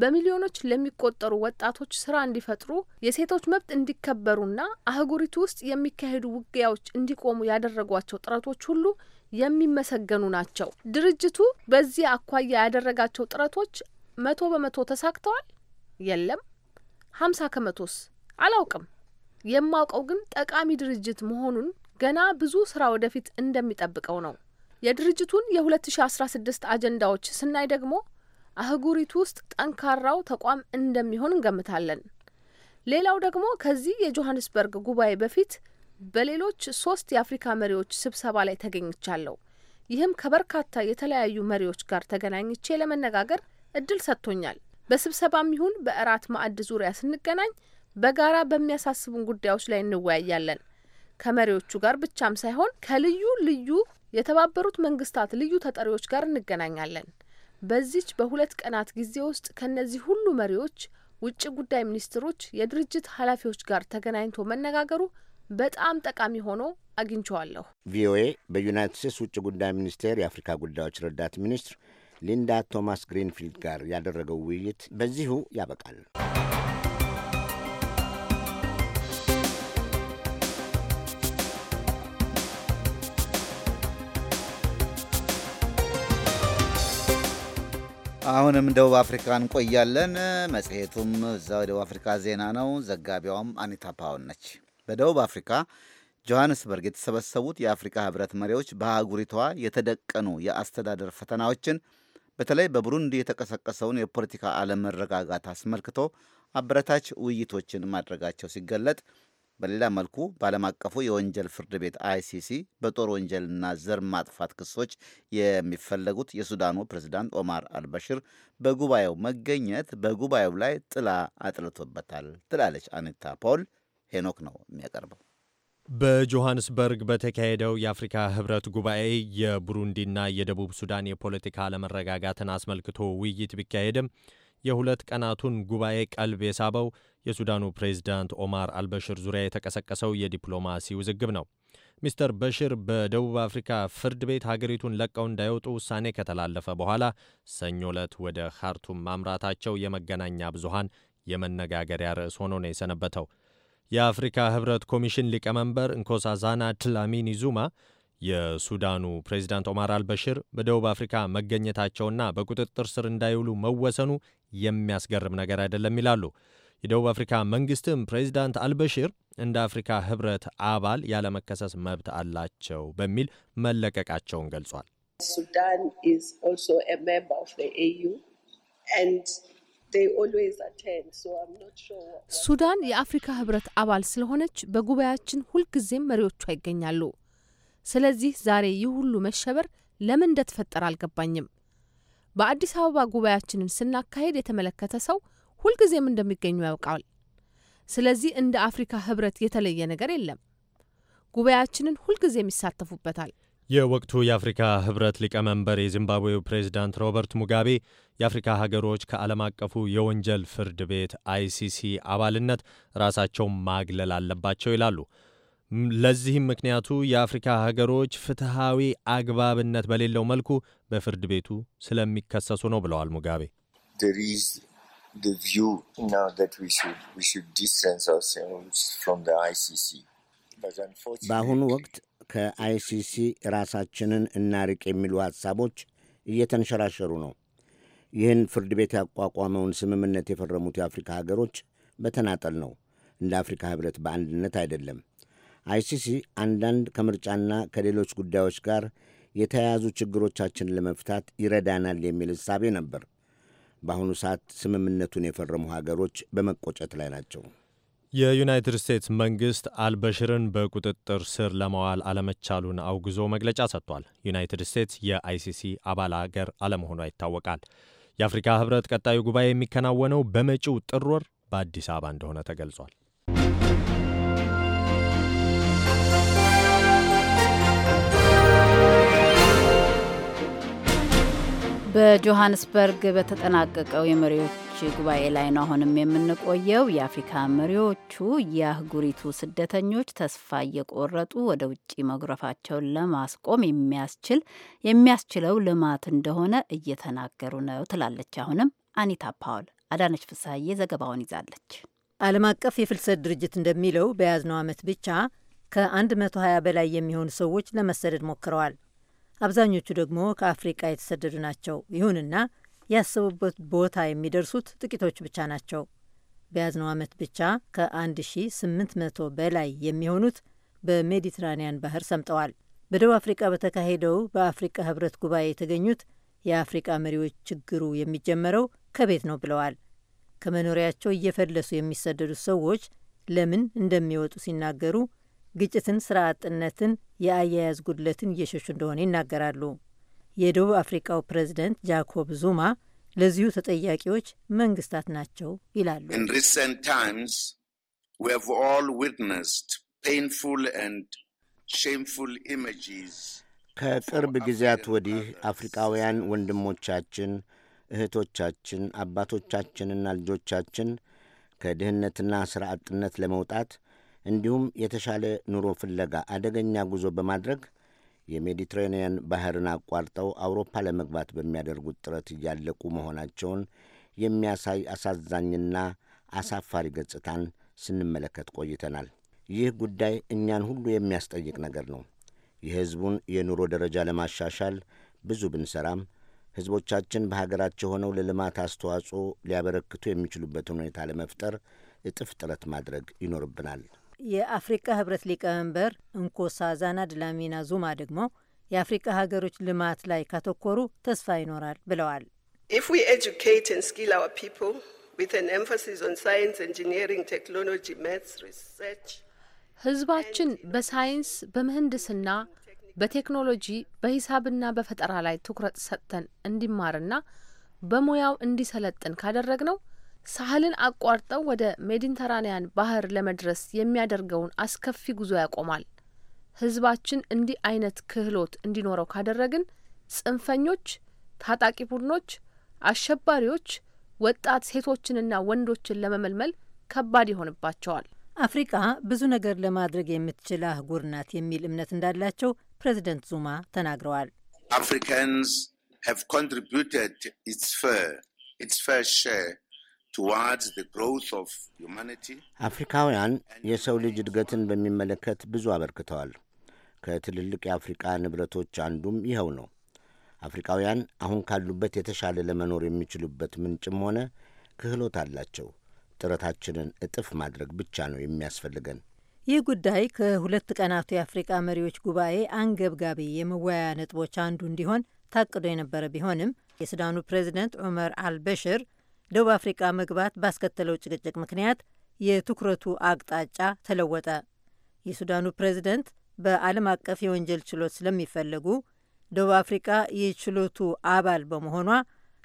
በሚሊዮኖች ለሚቆጠሩ ወጣቶች ስራ እንዲፈጥሩ የሴቶች መብት እንዲከበሩና አህጉሪቱ ውስጥ የሚካሄዱ ውጊያዎች እንዲቆሙ ያደረጓቸው ጥረቶች ሁሉ የሚመሰገኑ ናቸው። ድርጅቱ በዚህ አኳያ ያደረጋቸው ጥረቶች መቶ በመቶ ተሳክተዋል? የለም። ሀምሳ ከመቶስ አላውቅም። የማውቀው ግን ጠቃሚ ድርጅት መሆኑን ገና ብዙ ስራ ወደፊት እንደሚጠብቀው ነው። የድርጅቱን የ2016 አጀንዳዎች ስናይ ደግሞ አህጉሪቱ ውስጥ ጠንካራው ተቋም እንደሚሆን እንገምታለን። ሌላው ደግሞ ከዚህ የጆሀንስበርግ ጉባኤ በፊት በሌሎች ሶስት የአፍሪካ መሪዎች ስብሰባ ላይ ተገኝቻለሁ። ይህም ከበርካታ የተለያዩ መሪዎች ጋር ተገናኝቼ ለመነጋገር እድል ሰጥቶኛል። በስብሰባም ይሁን በእራት ማዕድ ዙሪያ ስንገናኝ በጋራ በሚያሳስቡን ጉዳዮች ላይ እንወያያለን። ከመሪዎቹ ጋር ብቻም ሳይሆን ከልዩ ልዩ የተባበሩት መንግስታት ልዩ ተጠሪዎች ጋር እንገናኛለን። በዚች በሁለት ቀናት ጊዜ ውስጥ ከእነዚህ ሁሉ መሪዎች ውጭ ጉዳይ ሚኒስትሮች የድርጅት ኃላፊዎች ጋር ተገናኝቶ መነጋገሩ በጣም ጠቃሚ ሆኖ አግኝቸዋለሁ። ቪኦኤ በዩናይትድ ስቴትስ ውጭ ጉዳይ ሚኒስቴር የአፍሪካ ጉዳዮች ረዳት ሚኒስትር ሊንዳ ቶማስ ግሪንፊልድ ጋር ያደረገው ውይይት በዚሁ ያበቃል። አሁንም ደቡብ አፍሪካ እንቆያለን። መጽሔቱም እዛው ደቡብ አፍሪካ ዜና ነው። ዘጋቢዋም አኒታ ፓውን ነች። በደቡብ አፍሪካ ጆሐንስበርግ የተሰበሰቡት የአፍሪካ ህብረት መሪዎች በአህጉሪቷ የተደቀኑ የአስተዳደር ፈተናዎችን በተለይ በቡሩንዲ የተቀሰቀሰውን የፖለቲካ አለመረጋጋት አስመልክቶ አበረታች ውይይቶችን ማድረጋቸው ሲገለጥ በሌላ መልኩ በዓለም አቀፉ የወንጀል ፍርድ ቤት አይሲሲ በጦር ወንጀልና ዘር ማጥፋት ክሶች የሚፈለጉት የሱዳኑ ፕሬዝዳንት ኦማር አልበሽር በጉባኤው መገኘት በጉባኤው ላይ ጥላ አጥልቶበታል ትላለች አኒታ ፖል። ሄኖክ ነው የሚያቀርበው። በጆሃንስበርግ በተካሄደው የአፍሪካ ህብረት ጉባኤ የቡሩንዲና የደቡብ ሱዳን የፖለቲካ አለመረጋጋትን አስመልክቶ ውይይት ቢካሄድም የሁለት ቀናቱን ጉባኤ ቀልብ የሳበው የሱዳኑ ፕሬዝዳንት ኦማር አልበሽር ዙሪያ የተቀሰቀሰው የዲፕሎማሲ ውዝግብ ነው። ሚስተር በሽር በደቡብ አፍሪካ ፍርድ ቤት ሀገሪቱን ለቀው እንዳይወጡ ውሳኔ ከተላለፈ በኋላ ሰኞ ዕለት ወደ ካርቱም ማምራታቸው የመገናኛ ብዙሃን የመነጋገሪያ ርዕስ ሆኖ ነው የሰነበተው። የአፍሪካ ህብረት ኮሚሽን ሊቀመንበር እንኮሳዛና ትላሚኒ ዙማ የሱዳኑ ፕሬዚዳንት ኦማር አልበሽር በደቡብ አፍሪካ መገኘታቸውና በቁጥጥር ስር እንዳይውሉ መወሰኑ የሚያስገርም ነገር አይደለም ይላሉ። የደቡብ አፍሪካ መንግስትም ፕሬዚዳንት አልበሺር እንደ አፍሪካ ህብረት አባል ያለመከሰስ መብት አላቸው በሚል መለቀቃቸውን ገልጿል። ሱዳን ሱዳን የአፍሪካ ህብረት አባል ስለሆነች በጉባኤያችን ሁልጊዜም መሪዎቿ ይገኛሉ። ስለዚህ ዛሬ ይህ ሁሉ መሸበር ለምን እንደተፈጠረ አልገባኝም። በአዲስ አበባ ጉባኤያችንን ስናካሄድ የተመለከተ ሰው ሁልጊዜም እንደሚገኙ ያውቃል። ስለዚህ እንደ አፍሪካ ህብረት የተለየ ነገር የለም። ጉባኤያችንን ሁልጊዜም ይሳተፉበታል። የወቅቱ የአፍሪካ ህብረት ሊቀመንበር የዚምባብዌው ፕሬዚዳንት ሮበርት ሙጋቤ የአፍሪካ ሀገሮች ከዓለም አቀፉ የወንጀል ፍርድ ቤት አይሲሲ አባልነት ራሳቸውን ማግለል አለባቸው ይላሉ። ለዚህም ምክንያቱ የአፍሪካ ሀገሮች ፍትሐዊ አግባብነት በሌለው መልኩ በፍርድ ቤቱ ስለሚከሰሱ ነው ብለዋል ሙጋቤ። በአሁኑ ወቅት ከአይሲሲ ራሳችንን እናርቅ የሚሉ ሐሳቦች እየተንሸራሸሩ ነው። ይህን ፍርድ ቤት ያቋቋመውን ስምምነት የፈረሙት የአፍሪካ ሀገሮች በተናጠል ነው፣ እንደ አፍሪካ ህብረት በአንድነት አይደለም። አይሲሲ አንዳንድ ከምርጫና ከሌሎች ጉዳዮች ጋር የተያያዙ ችግሮቻችን ለመፍታት ይረዳናል የሚል እሳቤ ነበር። በአሁኑ ሰዓት ስምምነቱን የፈረሙ ሀገሮች በመቆጨት ላይ ናቸው። የዩናይትድ ስቴትስ መንግስት አልበሽርን በቁጥጥር ስር ለማዋል አለመቻሉን አውግዞ መግለጫ ሰጥቷል። ዩናይትድ ስቴትስ የአይሲሲ አባል አገር አለመሆኗ ይታወቃል። የአፍሪካ ህብረት ቀጣዩ ጉባኤ የሚከናወነው በመጪው ጥር ወር በአዲስ አበባ እንደሆነ ተገልጿል። በጆሃንስበርግ በተጠናቀቀው የመሪዎች ጉባኤ ላይ ነው አሁንም የምንቆየው። የአፍሪካ መሪዎቹ የአህጉሪቱ ስደተኞች ተስፋ እየቆረጡ ወደ ውጭ መጉረፋቸውን ለማስቆም የሚያስችል የሚያስችለው ልማት እንደሆነ እየተናገሩ ነው ትላለች አሁንም አኒታ ፓውል። አዳነች ፍሳዬ ዘገባውን ይዛለች። ዓለም አቀፍ የፍልሰት ድርጅት እንደሚለው በያዝነው ዓመት ብቻ ከ120 በላይ የሚሆኑ ሰዎች ለመሰደድ ሞክረዋል። አብዛኞቹ ደግሞ ከአፍሪቃ የተሰደዱ ናቸው። ይሁንና ያሰቡበት ቦታ የሚደርሱት ጥቂቶች ብቻ ናቸው። በያዝነው ዓመት ብቻ ከ1800 በላይ የሚሆኑት በሜዲትራኒያን ባህር ሰምጠዋል። በደቡብ አፍሪቃ በተካሄደው በአፍሪቃ ህብረት ጉባኤ የተገኙት የአፍሪቃ መሪዎች ችግሩ የሚጀመረው ከቤት ነው ብለዋል። ከመኖሪያቸው እየፈለሱ የሚሰደዱት ሰዎች ለምን እንደሚወጡ ሲናገሩ ግጭትን፣ ስራ አጥነትን፣ የአያያዝ ጉድለትን እየሸሹ እንደሆነ ይናገራሉ። የደቡብ አፍሪካው ፕሬዝደንት ጃኮብ ዙማ ለዚሁ ተጠያቂዎች መንግስታት ናቸው ይላሉ። ከቅርብ ጊዜያት ወዲህ አፍሪካውያን ወንድሞቻችን፣ እህቶቻችን፣ አባቶቻችንና ልጆቻችን ከድህነትና ሥራ አጥነት ለመውጣት እንዲሁም የተሻለ ኑሮ ፍለጋ አደገኛ ጉዞ በማድረግ የሜዲትሬንያን ባህርን አቋርጠው አውሮፓ ለመግባት በሚያደርጉት ጥረት እያለቁ መሆናቸውን የሚያሳይ አሳዛኝና አሳፋሪ ገጽታን ስንመለከት ቆይተናል። ይህ ጉዳይ እኛን ሁሉ የሚያስጠይቅ ነገር ነው። የሕዝቡን የኑሮ ደረጃ ለማሻሻል ብዙ ብንሰራም ሕዝቦቻችን በሀገራቸው ሆነው ለልማት አስተዋጽኦ ሊያበረክቱ የሚችሉበትን ሁኔታ ለመፍጠር እጥፍ ጥረት ማድረግ ይኖርብናል። የአፍሪካ ህብረት ሊቀመንበር እንኮሳዛና ድላሚና ዙማ ደግሞ የአፍሪካ ሀገሮች ልማት ላይ ካተኮሩ ተስፋ ይኖራል ብለዋል። ህዝባችን በሳይንስ በምህንድስና፣ በቴክኖሎጂ፣ በሂሳብና በፈጠራ ላይ ትኩረት ሰጥተን እንዲማርና በሙያው እንዲሰለጥን ካደረግ ነው ሳህልን አቋርጠው ወደ ሜዲተራንያን ባህር ለመድረስ የሚያደርገውን አስከፊ ጉዞ ያቆማል። ህዝባችን እንዲህ አይነት ክህሎት እንዲኖረው ካደረግን ጽንፈኞች፣ ታጣቂ ቡድኖች፣ አሸባሪዎች ወጣት ሴቶችንና ወንዶችን ለመመልመል ከባድ ይሆንባቸዋል። አፍሪቃ ብዙ ነገር ለማድረግ የምትችል አህጉር ናት የሚል እምነት እንዳላቸው ፕሬዚደንት ዙማ ተናግረዋል። አፍሪካንስ ሃቭ ኮንትሪቢዩትድ ኢትስ ፌር ኢትስ ፌር ሼር አፍሪካውያን የሰው ልጅ እድገትን በሚመለከት ብዙ አበርክተዋል። ከትልልቅ የአፍሪቃ ንብረቶች አንዱም ይኸው ነው። አፍሪካውያን አሁን ካሉበት የተሻለ ለመኖር የሚችሉበት ምንጭም ሆነ ክህሎት አላቸው። ጥረታችንን እጥፍ ማድረግ ብቻ ነው የሚያስፈልገን። ይህ ጉዳይ ከሁለት ቀናቱ የአፍሪቃ መሪዎች ጉባኤ አንገብጋቢ የመወያያ ነጥቦች አንዱ እንዲሆን ታቅዶ የነበረ ቢሆንም የሱዳኑ ፕሬዚደንት ዑመር አልበሽር ደቡብ አፍሪቃ መግባት ባስከተለው ጭቅጭቅ ምክንያት የትኩረቱ አቅጣጫ ተለወጠ። የሱዳኑ ፕሬዝደንት በዓለም አቀፍ የወንጀል ችሎት ስለሚፈለጉ ደቡብ አፍሪቃ የችሎቱ አባል በመሆኗ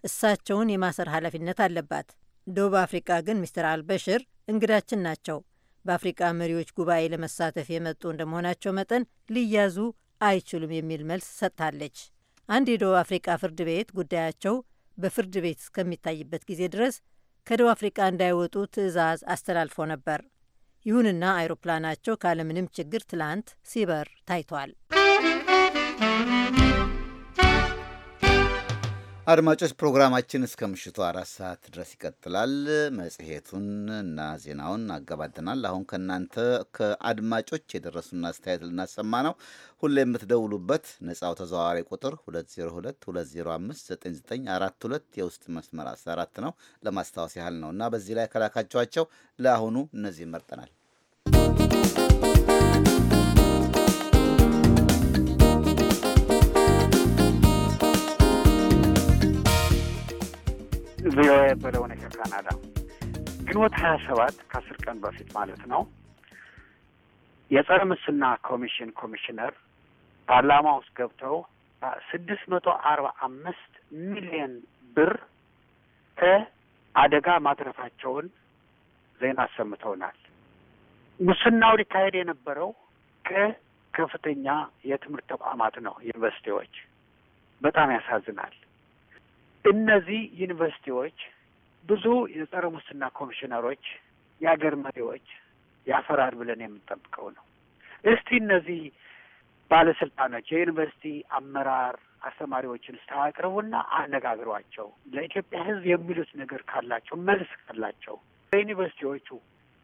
እሳቸውን የማሰር ኃላፊነት አለባት። ደቡብ አፍሪቃ ግን ሚስተር አልበሽር እንግዳችን ናቸው፣ በአፍሪቃ መሪዎች ጉባኤ ለመሳተፍ የመጡ እንደመሆናቸው መጠን ሊያዙ አይችሉም የሚል መልስ ሰጥታለች። አንድ የደቡብ አፍሪቃ ፍርድ ቤት ጉዳያቸው በፍርድ ቤት እስከሚታይበት ጊዜ ድረስ ከደቡብ አፍሪቃ እንዳይወጡ ትዕዛዝ አስተላልፎ ነበር። ይሁንና አይሮፕላናቸው ካለምንም ችግር ትላንት ሲበር ታይቷል። አድማጮች ፕሮግራማችን እስከ ምሽቱ አራት ሰዓት ድረስ ይቀጥላል። መጽሔቱን እና ዜናውን አገባደናል። አሁን ከእናንተ ከአድማጮች የደረሱና አስተያየት ልናሰማ ነው። ሁሌ የምትደውሉበት ነጻው ተዘዋዋሪ ቁጥር 2022059942 የውስጥ መስመር 14 ነው። ለማስታወስ ያህል ነው እና በዚህ ላይ ከላካቸኋቸው ለአሁኑ እነዚህ መርጠናል። ቪኦኤ በለሆነ ከካናዳ ግንቦት ሀያ ሰባት ከአስር ቀን በፊት ማለት ነው የጸረ ሙስና ኮሚሽን ኮሚሽነር ፓርላማ ውስጥ ገብተው ስድስት መቶ አርባ አምስት ሚሊዮን ብር ከአደጋ ማትረፋቸውን ዜና አሰምተውናል። ሙስናው ሊካሄድ የነበረው ከከፍተኛ የትምህርት ተቋማት ነው፣ ዩኒቨርሲቲዎች። በጣም ያሳዝናል። እነዚህ ዩኒቨርሲቲዎች ብዙ የጸረ ሙስና ኮሚሽነሮች፣ የአገር መሪዎች ያፈራል ብለን የምንጠብቀው ነው። እስቲ እነዚህ ባለስልጣኖች የዩኒቨርሲቲ አመራር አስተማሪዎችን ስታቅርቡና አነጋግሯቸው። ለኢትዮጵያ ሕዝብ የሚሉት ነገር ካላቸው መልስ ካላቸው ለዩኒቨርሲቲዎቹ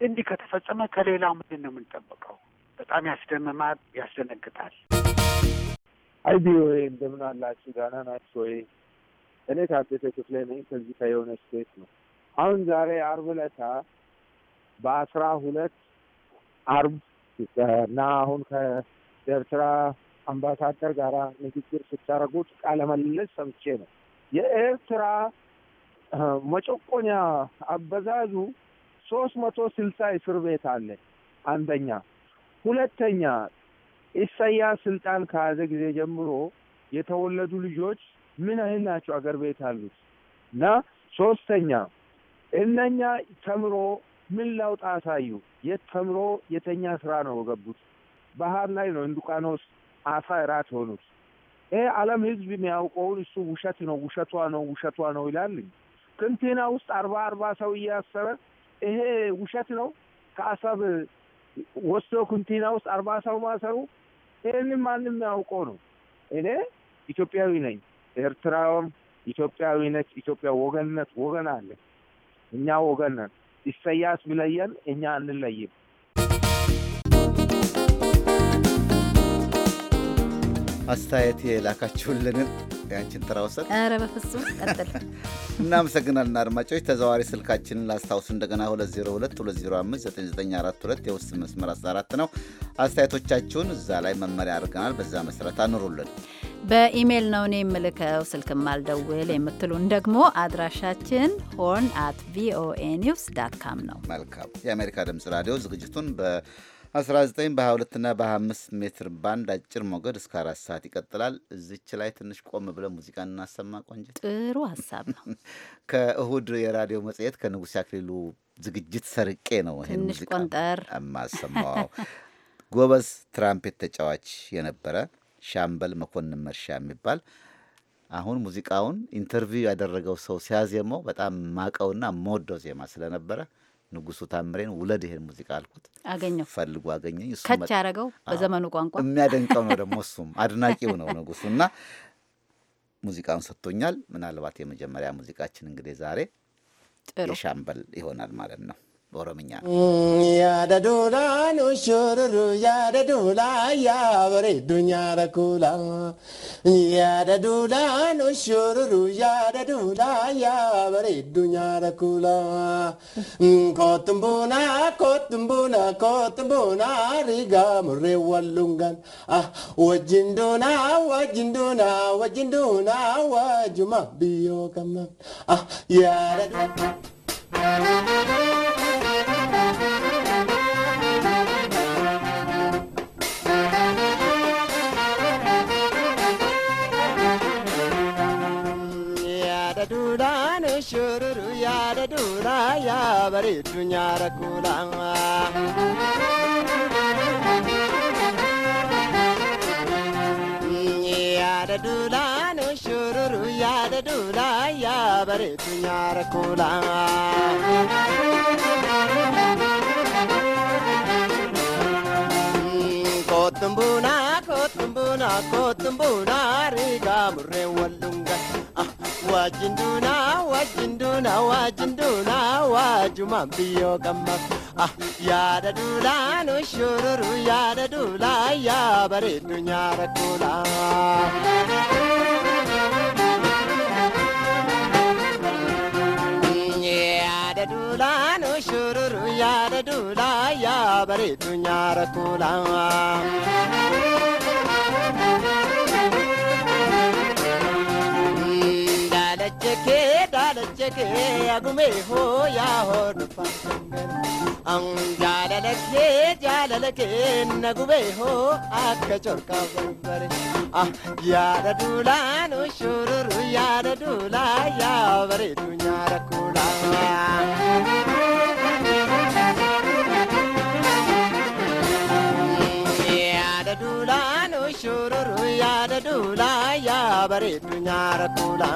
እንዲህ ከተፈጸመ ከሌላው ምንድን ነው የምንጠብቀው? በጣም ያስደምማል፣ ያስደነግጣል። አይ ቪኦኤ እንደምን አላችሁ? ደህና ናችሁ ወይ? እኔ ታደሰ ክፍለ ነኝ። ከዚህ ከየሆነ ስቴት ነው። አሁን ዛሬ አርብ ለታ በአስራ ሁለት አርብ እና አሁን ከኤርትራ አምባሳደር ጋር ንግግር ስታደርጉት ቃለ ምልልስ ሰምቼ ነው የኤርትራ መጨቆኛ አበዛዙ ሶስት መቶ ስልሳ እስር ቤት አለ። አንደኛ ሁለተኛ ኢሳያስ ስልጣን ከያዘ ጊዜ ጀምሮ የተወለዱ ልጆች ምን ያህል ናቸው አገር ቤት አሉት? እና ሶስተኛ እነኛ ተምሮ ምን ለውጥ አሳዩ? የት ተምሮ የተኛ ስራ ነው የገቡት? ባህር ላይ ነው እንዱቃኖስ አሳ እራት ሆኑት። ይሄ ዓለም ህዝብ የሚያውቀውን እሱ ውሸት ነው ውሸቷ ነው ውሸቷ ነው ይላልኝ። ክንቲና ውስጥ አርባ አርባ ሰው እያሰረ ይሄ ውሸት ነው ከአሳብ ወስዶ ክንቲና ውስጥ አርባ ሰው ማሰሩ ይህንን ማንም የሚያውቀው ነው። እኔ ኢትዮጵያዊ ነኝ። ኤርትራውም ኢትዮጵያዊ ነች። ኢትዮጵያ ወገንነት ወገን አለ። እኛ ወገን ነን። ኢሳያስ ቢለየን እኛ አንለይም። አስተያየት የላካችሁልንን ያንችን ተራ ውሰድ። ኧረ በፍጹም ቀጥል። እናመሰግናለን አድማጮች። ተዘዋሪ ስልካችንን ላስታውስ እንደገና 2022059942 የውስጥ መስመር 14 ነው። አስተያየቶቻችሁን እዛ ላይ መመሪያ አድርገናል። በዛ መሰረት አኑሩልን። በኢሜይል ነው እኔ የምልከው ስልክም አልደውል የምትሉን ደግሞ አድራሻችን ሆርን አት ቪኦኤ ኒውስ ዳት ካም ነው። መልካም የአሜሪካ ድምጽ ራዲዮ ዝግጅቱን በ19 በ22ና በ25 ሜትር ባንድ አጭር ሞገድ እስከ አራት ሰዓት ይቀጥላል። እዚች ላይ ትንሽ ቆም ብለን ሙዚቃ እናሰማ። ቆንጆ ጥሩ ሀሳብ ነው። ከእሁድ የራዲዮ መጽሔት ከንጉሴ አክሊሉ ዝግጅት ሰርቄ ነው ይህን ሙዚቃ የማሰማው። ጎበዝ ትራምፔት ተጫዋች የነበረ ሻምበል መኮንን መርሻ የሚባል አሁን ሙዚቃውን ኢንተርቪው ያደረገው ሰው ሲያዜመው በጣም ማቀውና መወደው ዜማ ስለነበረ ንጉሱ ታምሬን ውለድ ይሄን ሙዚቃ አልኩት። አገኘው ፈልጎ አገኘኝ። ከች ያደረገው በዘመኑ ቋንቋ የሚያደንቀው ነው። ደግሞ እሱም አድናቂው ነው ንጉሱ እና ሙዚቃውን ሰጥቶኛል። ምናልባት የመጀመሪያ ሙዚቃችን እንግዲህ ዛሬ የሻምበል ይሆናል ማለት ነው። በኦሮምኛ ያደዶላ ኑሹሩሩ ያደዶላ ያበሬዱኛ ረኩላ ያደዶላ ኑሹሩሩ ያደዶላ ያበሬዱኛ ረኩላ ኮትምቡና ኮትምቡና ኮትምቡና ሪጋ ሙሬ ወሉንጋን ወጅንዱና ወጅንዱና ወጅንዱና ወጁማ ቢዮ ከማ ያደዶ shururu ya da dura ya bari tunya da kulama ya da dula no shururu ya da dula ya bari tunya da kulama kotumbuna kotumbuna kotumbuna riga murre wallunga Waajjinduunaa waajjinduunaa waajjinduunaa waajumaan biyyoo gammaf. Ah yaada duulaa nu shururu yaada duulaa yaa bareeddu nyaara kuulaa. dulaan ushururu yaada duulaa yaa bareedu nyaara kuulaa. cheke dada cheke agume ho ya ho dupa ang jada leke jada leke nagume ho akachor ka bambare ah yada dula no shururu yada dula ya bare dunyara kula kula ya bare punyara kula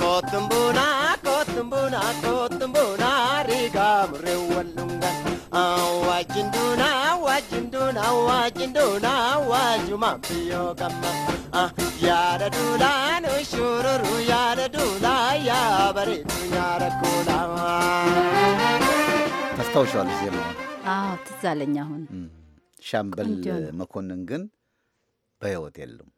kotumbuna kotumbuna kotumbuna riga mrewalunga wajinduna wajinduna wajinduna wajuma piyo kama yara dula no shururu yara dula ya bare punyara kula አስታውሻል ዜማ? አዎ ትዝ አለኝ። አሁን ሻምበል መኮንን ግን በህይወት የለም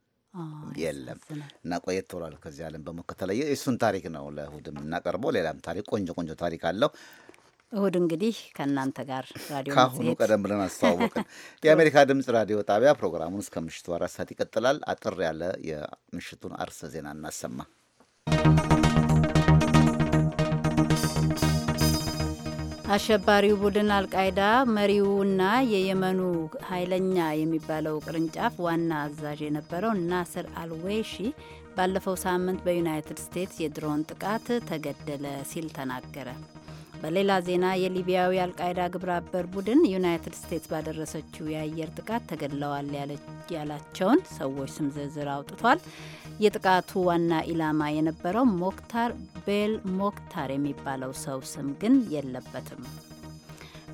የለም እና ቆየት ተውሏል ከዚህ ዓለም በሞት ከተለየ። እሱን ታሪክ ነው ለእሁድ የምናቀርበው። ሌላም ታሪክ ቆንጆ ቆንጆ ታሪክ አለው። እሁድ እንግዲህ ከእናንተ ጋር ራዲዮ ከአሁኑ ቀደም ብለን አስተዋወቅን። የአሜሪካ ድምፅ ራዲዮ ጣቢያ ፕሮግራሙን እስከ ምሽቱ አራት ሰዓት ይቀጥላል። አጥር ያለ የምሽቱን አርዕስተ ዜና እናሰማ። አሸባሪው ቡድን አልቃይዳ መሪውና የየመኑ ኃይለኛ የሚባለው ቅርንጫፍ ዋና አዛዥ የነበረው ናስር አልዌሺ ባለፈው ሳምንት በዩናይትድ ስቴትስ የድሮን ጥቃት ተገደለ ሲል ተናገረ። በሌላ ዜና የሊቢያዊ አልቃይዳ ግብረ አበር ቡድን ዩናይትድ ስቴትስ ባደረሰችው የአየር ጥቃት ተገድለዋል ያላቸውን ሰዎች ስም ዝርዝር አውጥቷል። የጥቃቱ ዋና ኢላማ የነበረው ሞክታር ቤል ሞክታር የሚባለው ሰው ስም ግን የለበትም።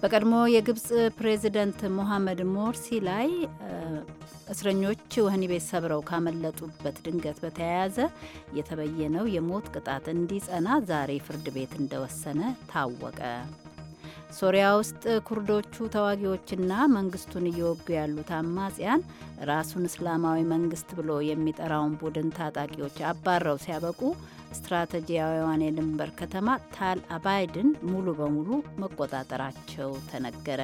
በቀድሞ የግብፅ ፕሬዚደንት ሞሐመድ ሞርሲ ላይ እስረኞች ወህኒ ቤት ሰብረው ካመለጡበት ድንገት በተያያዘ የተበየነው የሞት ቅጣት እንዲጸና ዛሬ ፍርድ ቤት እንደወሰነ ታወቀ። ሶሪያ ውስጥ ኩርዶቹ ተዋጊዎችና መንግስቱን እየወጉ ያሉት አማጽያን ራሱን እስላማዊ መንግስት ብሎ የሚጠራውን ቡድን ታጣቂዎች አባረው ሲያበቁ ስትራቴጂያዊዋን የድንበር ከተማ ታል አባይድን ሙሉ በሙሉ መቆጣጠራቸው ተነገረ።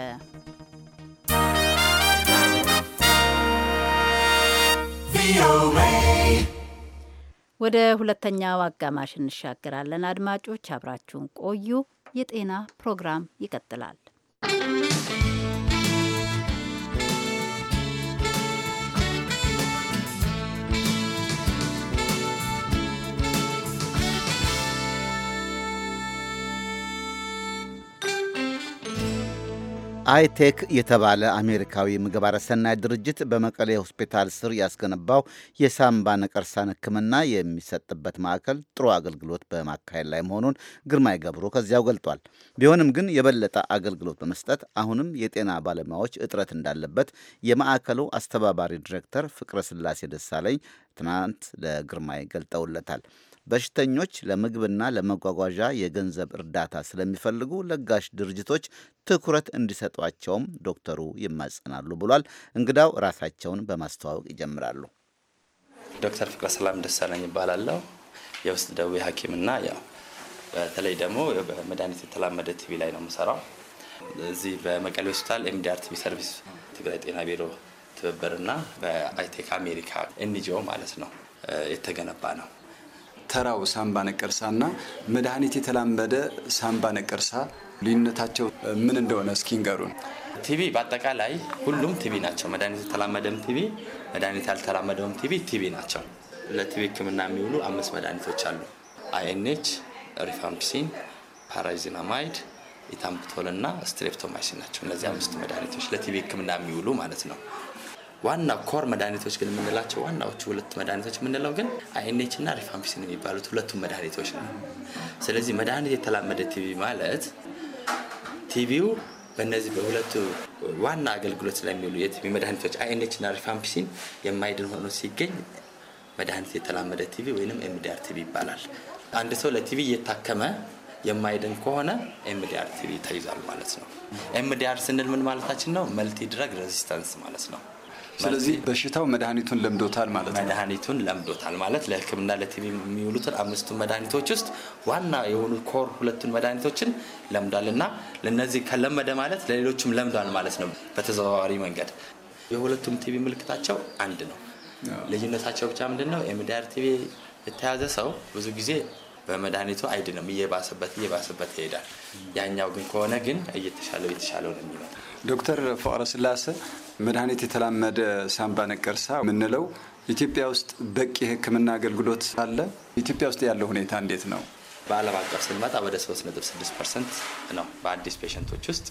ወደ ሁለተኛው አጋማሽ እንሻገራለን። አድማጮች አብራችሁን ቆዩ። የጤና ፕሮግራም ይቀጥላል። አይቴክ የተባለ አሜሪካዊ ምግብ አረሰናይ ድርጅት በመቀሌ ሆስፒታል ስር ያስገነባው የሳምባ ነቀርሳን ሕክምና የሚሰጥበት ማዕከል ጥሩ አገልግሎት በማካሄድ ላይ መሆኑን ግርማይ ገብሮ ከዚያው ገልጧል። ቢሆንም ግን የበለጠ አገልግሎት በመስጠት አሁንም የጤና ባለሙያዎች እጥረት እንዳለበት የማዕከሉ አስተባባሪ ዲሬክተር ፍቅረ ስላሴ ደሳለኝ ትናንት ለግርማይ ገልጠውለታል። በሽተኞች ለምግብና ለመጓጓዣ የገንዘብ እርዳታ ስለሚፈልጉ ለጋሽ ድርጅቶች ትኩረት እንዲሰጧቸውም ዶክተሩ ይማጸናሉ ብሏል። እንግዳው ራሳቸውን በማስተዋወቅ ይጀምራሉ። ዶክተር ፍቅረ ሰላም ደሳለኝ ይባላለሁ። የውስጥ ደዌ ሐኪምና ያው በተለይ ደግሞ በመድኃኒት የተላመደ ቲቪ ላይ ነው የምሰራው። እዚህ በመቀሌ ሆስፒታል ኤምዲአር ቲቪ ሰርቪስ ትግራይ ጤና ቢሮ ትብብርና በአይቴክ አሜሪካ ኤንጂኦ ማለት ነው የተገነባ ነው። ተራው ሳምባ ነቀርሳና መድኃኒት የተላመደ ሳምባ ነቀርሳ ልዩነታቸው ምን እንደሆነ እስኪ ንገሩን። ቲቪ በአጠቃላይ ሁሉም ቲቪ ናቸው። መድኃኒት የተላመደም ቲቪ፣ መድኃኒት ያልተላመደውም ቲቪ ቲቪ ናቸው። ለቲቪ ሕክምና የሚውሉ አምስት መድኃኒቶች አሉ። አይኤንኤች፣ ሪፋምፕሲን፣ ፓራዚናማይድ፣ ኢታምፕቶል እና ስትሬፕቶማይሲን ናቸው። እነዚህ አምስት መድኃኒቶች ለቲቪ ህክምና የሚውሉ ማለት ነው። ዋና ኮር መድኃኒቶች ግን የምንላቸው ዋናዎቹ ሁለቱ መድኃኒቶች የምንለው ግን አይኔች እና ሪፋምፒሲን የሚባሉት ሁለቱም መድኃኒቶች ነው። ስለዚህ መድኃኒት የተላመደ ቲቪ ማለት ቲቪው በእነዚህ በሁለቱ ዋና አገልግሎት ስለሚውሉ የቲቪ መድኃኒቶች አይኔች እና ሪፋምፒሲን የማይድን ሆኖ ሲገኝ መድኃኒት የተላመደ ቲቪ ወይም ኤምዲአር ቲቪ ይባላል። አንድ ሰው ለቲቪ እየታከመ የማይድን ከሆነ ኤምዲአር ቲቪ ተይዟል ማለት ነው። ኤምዲአር ስንል ምን ማለታችን ነው? መልቲ ድረግ ሬዚስተንስ ማለት ነው። ስለዚህ በሽታው መድኃኒቱን ለምዶታል ማለት ነው። መድኃኒቱን ለምዶታል ማለት ለሕክምና ለቲቪ የሚውሉትን አምስቱን መድኃኒቶች ውስጥ ዋና የሆኑ ኮር ሁለቱን መድኃኒቶችን ለምዷል እና ለነዚህ ከለመደ ማለት ለሌሎችም ለምዷል ማለት ነው። በተዘዋዋሪ መንገድ የሁለቱም ቲቪ ምልክታቸው አንድ ነው። ልዩነታቸው ብቻ ምንድን ነው? የምዳር ቲቪ የተያዘ ሰው ብዙ ጊዜ በመድኃኒቱ አይድንም፣ እየባሰበት እየባሰበት ይሄዳል። ያኛው ግን ከሆነ ግን እየተሻለው እየተሻለው ነው የሚመጣ ዶክተር ፍቅረ ስላሴ መድኃኒት የተላመደ ሳምባ ነቀርሳ የምንለው ኢትዮጵያ ውስጥ በቂ የሕክምና አገልግሎት አለ? ኢትዮጵያ ውስጥ ያለው ሁኔታ እንዴት ነው? በዓለም አቀፍ ስንመጣ ወደ 3.6 ፐርሰንት ነው። በአዲስ ፔሸንቶች ውስጥ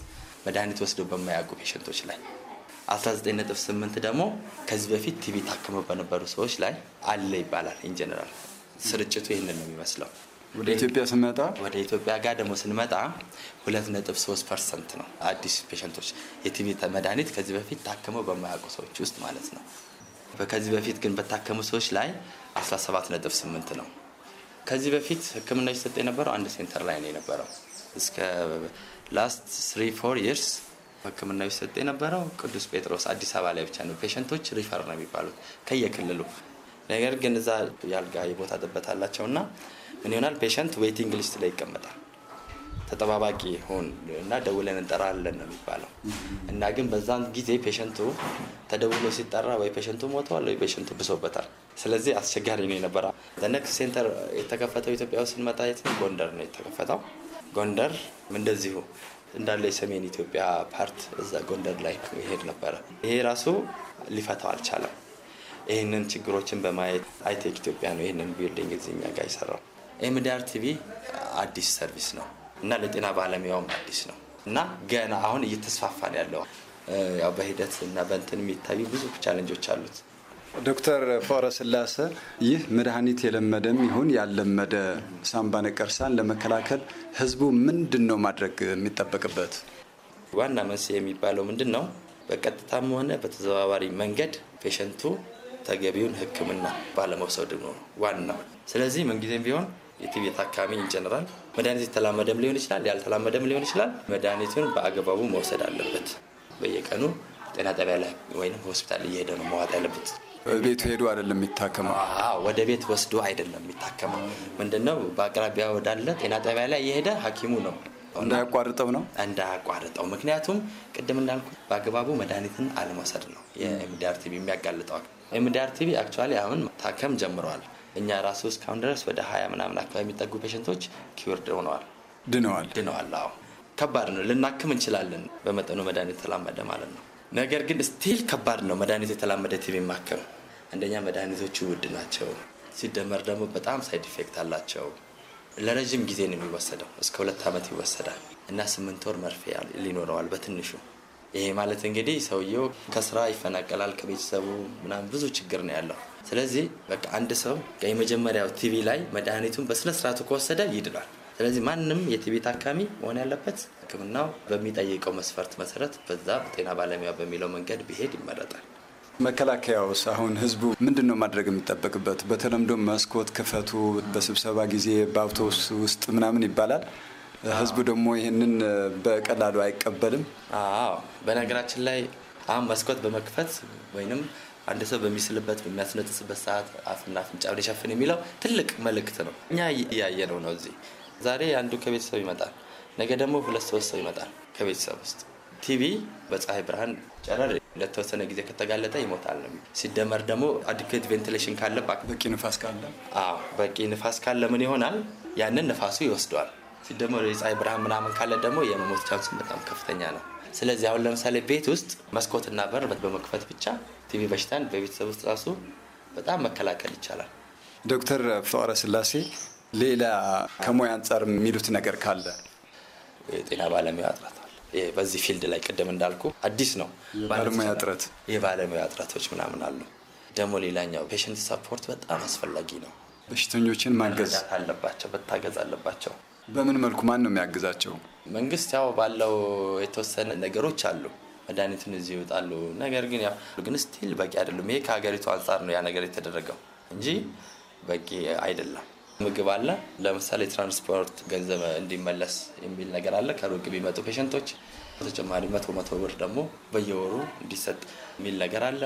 መድኃኒት ወስደው በማያውቁ ፔሸንቶች ላይ 19.8 ደግሞ ከዚህ በፊት ቲቪ ታክመው በነበሩ ሰዎች ላይ አለ ይባላል። ኢንጀነራል ስርጭቱ ይህንን ነው የሚመስለው። ወደ ኢትዮጵያ ስንመጣ ወደ ኢትዮጵያ ጋር ደግሞ ስንመጣ ሁለት ነጥብ ሶስት ፐርሰንት ነው አዲስ ፔሸንቶች የቲቪ መድኃኒት ከዚህ በፊት ታክመው በማያውቁ ሰዎች ውስጥ ማለት ነው። ከዚህ በፊት ግን በታከሙ ሰዎች ላይ 17 ነጥብ 8 ነው። ከዚህ በፊት ህክምና ሲሰጥ የነበረው አንድ ሴንተር ላይ ነው የነበረው እስከ ላስት ስሪ ፎር ይርስ ህክምና ይሰጥ የነበረው ቅዱስ ጴጥሮስ አዲስ አበባ ላይ ብቻ ነው። ፔሸንቶች ሪፈር ነው የሚባሉት ከየክልሉ። ነገር ግን እዛ ያልጋ የቦታ ጥበት አላቸውና ምን ይሆናል? ፔሸንት ዌይቲንግ ሊስት ላይ ይቀመጣል። ተጠባባቂ ሆን እና ደውለን እንጠራለን ነው የሚባለው። እና ግን በዛን ጊዜ ፔሸንቱ ተደውሎ ሲጠራ ወይ ፔሸንቱ ሞተዋል ወይ ፔሸንቱ ብሶበታል። ስለዚህ አስቸጋሪ ነው የነበረ። ዘነክስ ሴንተር የተከፈተው ኢትዮጵያ ውስጥ ስንመጣ የት ነው? ጎንደር ነው የተከፈተው። ጎንደር እንደዚሁ እንዳለ የሰሜን ኢትዮጵያ ፓርት እዛ ጎንደር ላይ ይሄድ ነበረ። ይሄ ራሱ ሊፈታው አልቻለም። ይህንን ችግሮችን በማየት አይቴክ ኢትዮጵያ ነው ይህንን ቢልዲንግ እዚህ እኛ ጋር ይሰራው ኤምዳር ቲቪ አዲስ ሰርቪስ ነው እና ለጤና ባለሙያውም አዲስ ነው እና ገና አሁን እየተስፋፋ ያለው። ያው በሂደት እና በንትን የሚታዩ ብዙ ቻለንጆች አሉት። ዶክተር ፎረ ስላሰ ይህ መድኃኒት የለመደም ይሁን ያልለመደ ሳምባ ነቀርሳን ለመከላከል ህዝቡ ምንድን ነው ማድረግ የሚጠበቅበት? ዋና መንስኤ የሚባለው ምንድን ነው? በቀጥታም ሆነ በተዘዋዋሪ መንገድ ፔሸንቱ ተገቢውን ሕክምና ባለመውሰድ ነው ዋናው። ስለዚህ ምንጊዜም ቢሆን የቲቪ ታካሚ ኢንጀነራል መድኃኒት የተላመደም ሊሆን ይችላል፣ ያልተላመደም ሊሆን ይችላል። መድኃኒቱን በአግባቡ መውሰድ አለበት። በየቀኑ ጤና ጣቢያ ላይ ወይም ሆስፒታል እየሄደ ነው መዋጥ ያለበት። ቤቱ ሄዶ አይደለም የሚታከመው። ወደ ቤት ወስዶ አይደለም የሚታከመው። ምንድነው በአቅራቢያ ወዳለ ጤና ጣቢያ ላይ እየሄደ ሐኪሙ ነው እንዳያቋርጠው ነው እንዳያቋርጠው። ምክንያቱም ቅድም እንዳልኩ በአግባቡ መድኃኒትን አለመውሰድ ነው የኤምዲአር ቲቪ የሚያጋልጠዋል። ኤምዲአር ቲቪ አክቹዋሊ አሁን ታከም ጀምረዋል። እኛ ራሱ እስካሁን ድረስ ወደ ሀያ ምናምን አካባቢ የሚጠጉ ፔሸንቶች ኪውርድ ሆነዋል፣ ድነዋል። ድነዋል። አዎ ከባድ ነው። ልናክም እንችላለን፣ በመጠኑ መድኃኒት የተላመደ ማለት ነው። ነገር ግን ስቲል ከባድ ነው መድኃኒት የተላመደ ቲቪ ማከም። አንደኛ መድኃኒቶቹ ውድ ናቸው፣ ሲደመር ደግሞ በጣም ሳይድ ኢፌክት አላቸው። ለረዥም ጊዜ ነው የሚወሰደው፣ እስከ ሁለት ዓመት ይወሰዳል እና ስምንት ወር መርፌ ሊኖረዋል በትንሹ። ይሄ ማለት እንግዲህ ሰውየው ከስራ ይፈናቀላል፣ ከቤተሰቡ ምናምን ብዙ ችግር ነው ያለው። ስለዚህ በቃ አንድ ሰው የመጀመሪያው ቲቪ ላይ መድኃኒቱን በስነ ስርዓቱ ከወሰደ ይድናል። ስለዚህ ማንም የቲቪ ታካሚ መሆን ያለበት ሕክምናው በሚጠይቀው መስፈርት መሰረት በዛ ጤና ባለሙያ በሚለው መንገድ ቢሄድ ይመረጣል። መከላከያውስ አሁን ህዝቡ ምንድን ነው ማድረግ የሚጠበቅበት? በተለምዶ መስኮት ክፈቱ፣ በስብሰባ ጊዜ በአውቶቡስ ውስጥ ምናምን ይባላል። ህዝቡ ደግሞ ይህንን በቀላሉ አይቀበልም። አዎ፣ በነገራችን ላይ አሁን መስኮት በመክፈት ወይንም አንድ ሰው በሚስልበት በሚያስነጥስበት ሰዓት አፍና አፍንጫ ሸፍን የሚለው ትልቅ መልእክት ነው። እኛ እያየ ነው ነው እዚህ ዛሬ አንዱ ከቤተሰብ ይመጣል፣ ነገ ደግሞ ሁለት ሶስት ሰው ይመጣል ከቤተሰብ ውስጥ። ቲቪ በፀሐይ ብርሃን ጨረር ለተወሰነ ጊዜ ከተጋለጠ ይሞታል ነው። ሲደመር ደግሞ አዲኩዌት ቬንቲሌሽን ካለ በቂ ንፋስ ካለ በቂ ንፋስ ካለ ምን ይሆናል? ያንን ንፋሱ ይወስደዋል። ሲደመር የፀሐይ ብርሃን ምናምን ካለ ደግሞ የመሞት ቻንሱ በጣም ከፍተኛ ነው። ስለዚህ አሁን ለምሳሌ ቤት ውስጥ መስኮትና በር በመክፈት ብቻ ቲቪ በሽታን በቤተሰብ ውስጥ ራሱ በጣም መከላከል ይቻላል። ዶክተር ፍቅረ ስላሴ ሌላ ከሙያ አንጻር የሚሉት ነገር ካለ የጤና ባለሙያ እጥረት በዚህ ፊልድ ላይ ቅድም እንዳልኩ አዲስ ነው ባለሙያ እጥረት የባለሙያ እጥረቶች ምናምን አሉ። ደግሞ ሌላኛው ፔሽንት ሰፖርት በጣም አስፈላጊ ነው። በሽተኞችን ማገዝ አለባቸው፣ መታገዝ አለባቸው። በምን መልኩ ማን ነው የሚያግዛቸው? መንግስት ያው ባለው የተወሰነ ነገሮች አሉ መድኃኒቱን እዚህ ይወጣሉ። ነገር ግን ያው ግን ስቲል በቂ አይደሉም። ይሄ ከሀገሪቱ አንጻር ነው ያ ነገር የተደረገው እንጂ በቂ አይደለም። ምግብ አለ። ለምሳሌ የትራንስፖርት ገንዘብ እንዲመለስ የሚል ነገር አለ። ከሩቅ የሚመጡ ፔሸንቶች በተጨማሪ መቶ መቶ ብር ደግሞ በየወሩ እንዲሰጥ የሚል ነገር አለ።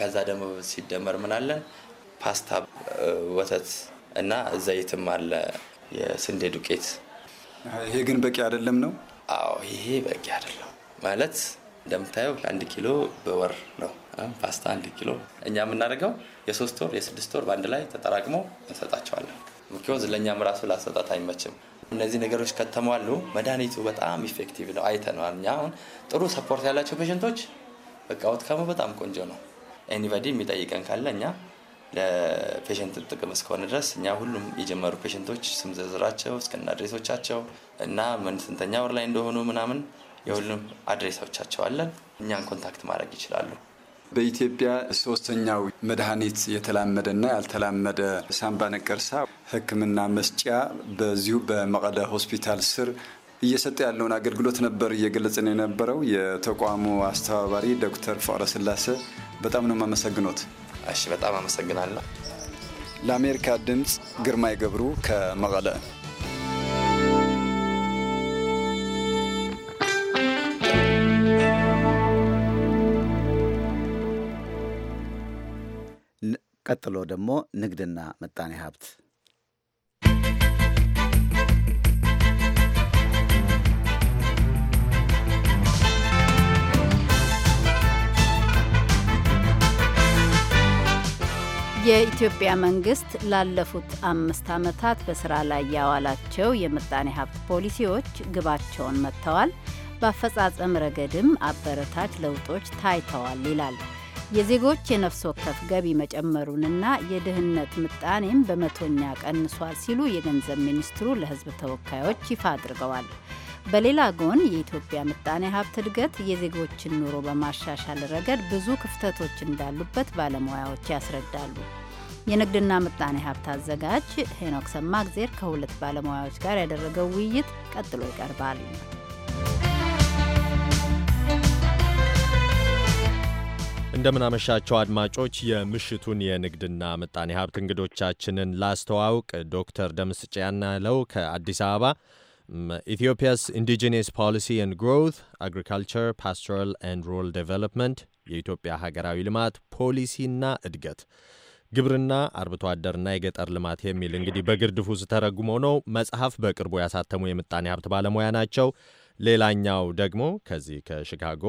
ከዛ ደግሞ ሲደመር ምን አለን? ፓስታ፣ ወተት እና ዘይትም አለ የስንዴ ዱቄት ይሄ ግን በቂ አይደለም ነው? አዎ ይሄ በቂ አይደለም ማለት እንደምታየው አንድ ኪሎ በወር ነው ፓስታ አንድ ኪሎ። እኛ የምናደርገው የሶስት ወር የስድስት ወር በአንድ ላይ ተጠራቅሞ እንሰጣቸዋለን። ምክንያቱም ለእኛም ራሱ ላሰጣት አይመችም። እነዚህ ነገሮች ከተሟሉ መድኃኒቱ በጣም ኢፌክቲቭ ነው፣ አይተነዋል። እኛ አሁን ጥሩ ሰፖርት ያላቸው ፔሽንቶች በቃ አውትካሙ በጣም ቆንጆ ነው። ኤኒባዲ የሚጠይቀን ካለ እኛ ለፔሽንት ጥቅም እስከሆነ ድረስ እኛ ሁሉም የጀመሩ ፔሸንቶች ስም ዝርዝራቸው እስከና አድሬሶቻቸው እና ምን ስንተኛ ወር ላይ እንደሆኑ ምናምን የሁሉም አድሬሶቻቸው አለን። እኛን ኮንታክት ማድረግ ይችላሉ። በኢትዮጵያ ሶስተኛው መድኃኒት የተላመደና ያልተላመደ ሳምባ ነቀርሳ ሕክምና መስጫ በዚሁ በመቀለ ሆስፒታል ስር እየሰጠ ያለውን አገልግሎት ነበር እየገለጽን የነበረው የተቋሙ አስተባባሪ ዶክተር ፍቅረ ስላሴ። በጣም ነው የማመሰግኖት። እሺ፣ በጣም አመሰግናለሁ። ለአሜሪካ ድምፅ ግርማይ ገብሩ ከመቀለ። ቀጥሎ ደግሞ ንግድና ምጣኔ ሀብት የኢትዮጵያ መንግስት ላለፉት አምስት ዓመታት በስራ ላይ ያዋላቸው የምጣኔ ሀብት ፖሊሲዎች ግባቸውን መጥተዋል፣ በአፈጻጸም ረገድም አበረታች ለውጦች ታይተዋል ይላል። የዜጎች የነፍስ ወከፍ ገቢ መጨመሩንና የድህነት ምጣኔም በመቶኛ ቀንሷል ሲሉ የገንዘብ ሚኒስትሩ ለሕዝብ ተወካዮች ይፋ አድርገዋል። በሌላ ጎን የኢትዮጵያ ምጣኔ ሀብት እድገት የዜጎችን ኑሮ በማሻሻል ረገድ ብዙ ክፍተቶች እንዳሉበት ባለሙያዎች ያስረዳሉ። የንግድና ምጣኔ ሀብት አዘጋጅ ሄኖክ ሰማእግዜር ከሁለት ባለሙያዎች ጋር ያደረገው ውይይት ቀጥሎ ይቀርባል። እንደምናመሻቸው አድማጮች፣ የምሽቱን የንግድና ምጣኔ ሀብት እንግዶቻችንን ላስተዋውቅ። ዶክተር ደምስጭ ያናለው ከአዲስ አበባ ኢትዮጵያስ ኢንዲጂነስ ፖሊሲ ኤንድ ግሮውት አግሪካልቸር ፓስቶራል ኤንድ ሩራል ዴቨሎፕመንት የኢትዮጵያ ሀገራዊ ልማት ፖሊሲና እድገት ግብርና አርብቶ አደርና የገጠር ልማት የሚል እንግዲህ በግርድፉ ስተረጉሞ ነው። መጽሐፍ በቅርቡ ያሳተሙ የምጣኔ ሀብት ባለሙያ ናቸው። ሌላኛው ደግሞ ከዚህ ከሺካጎ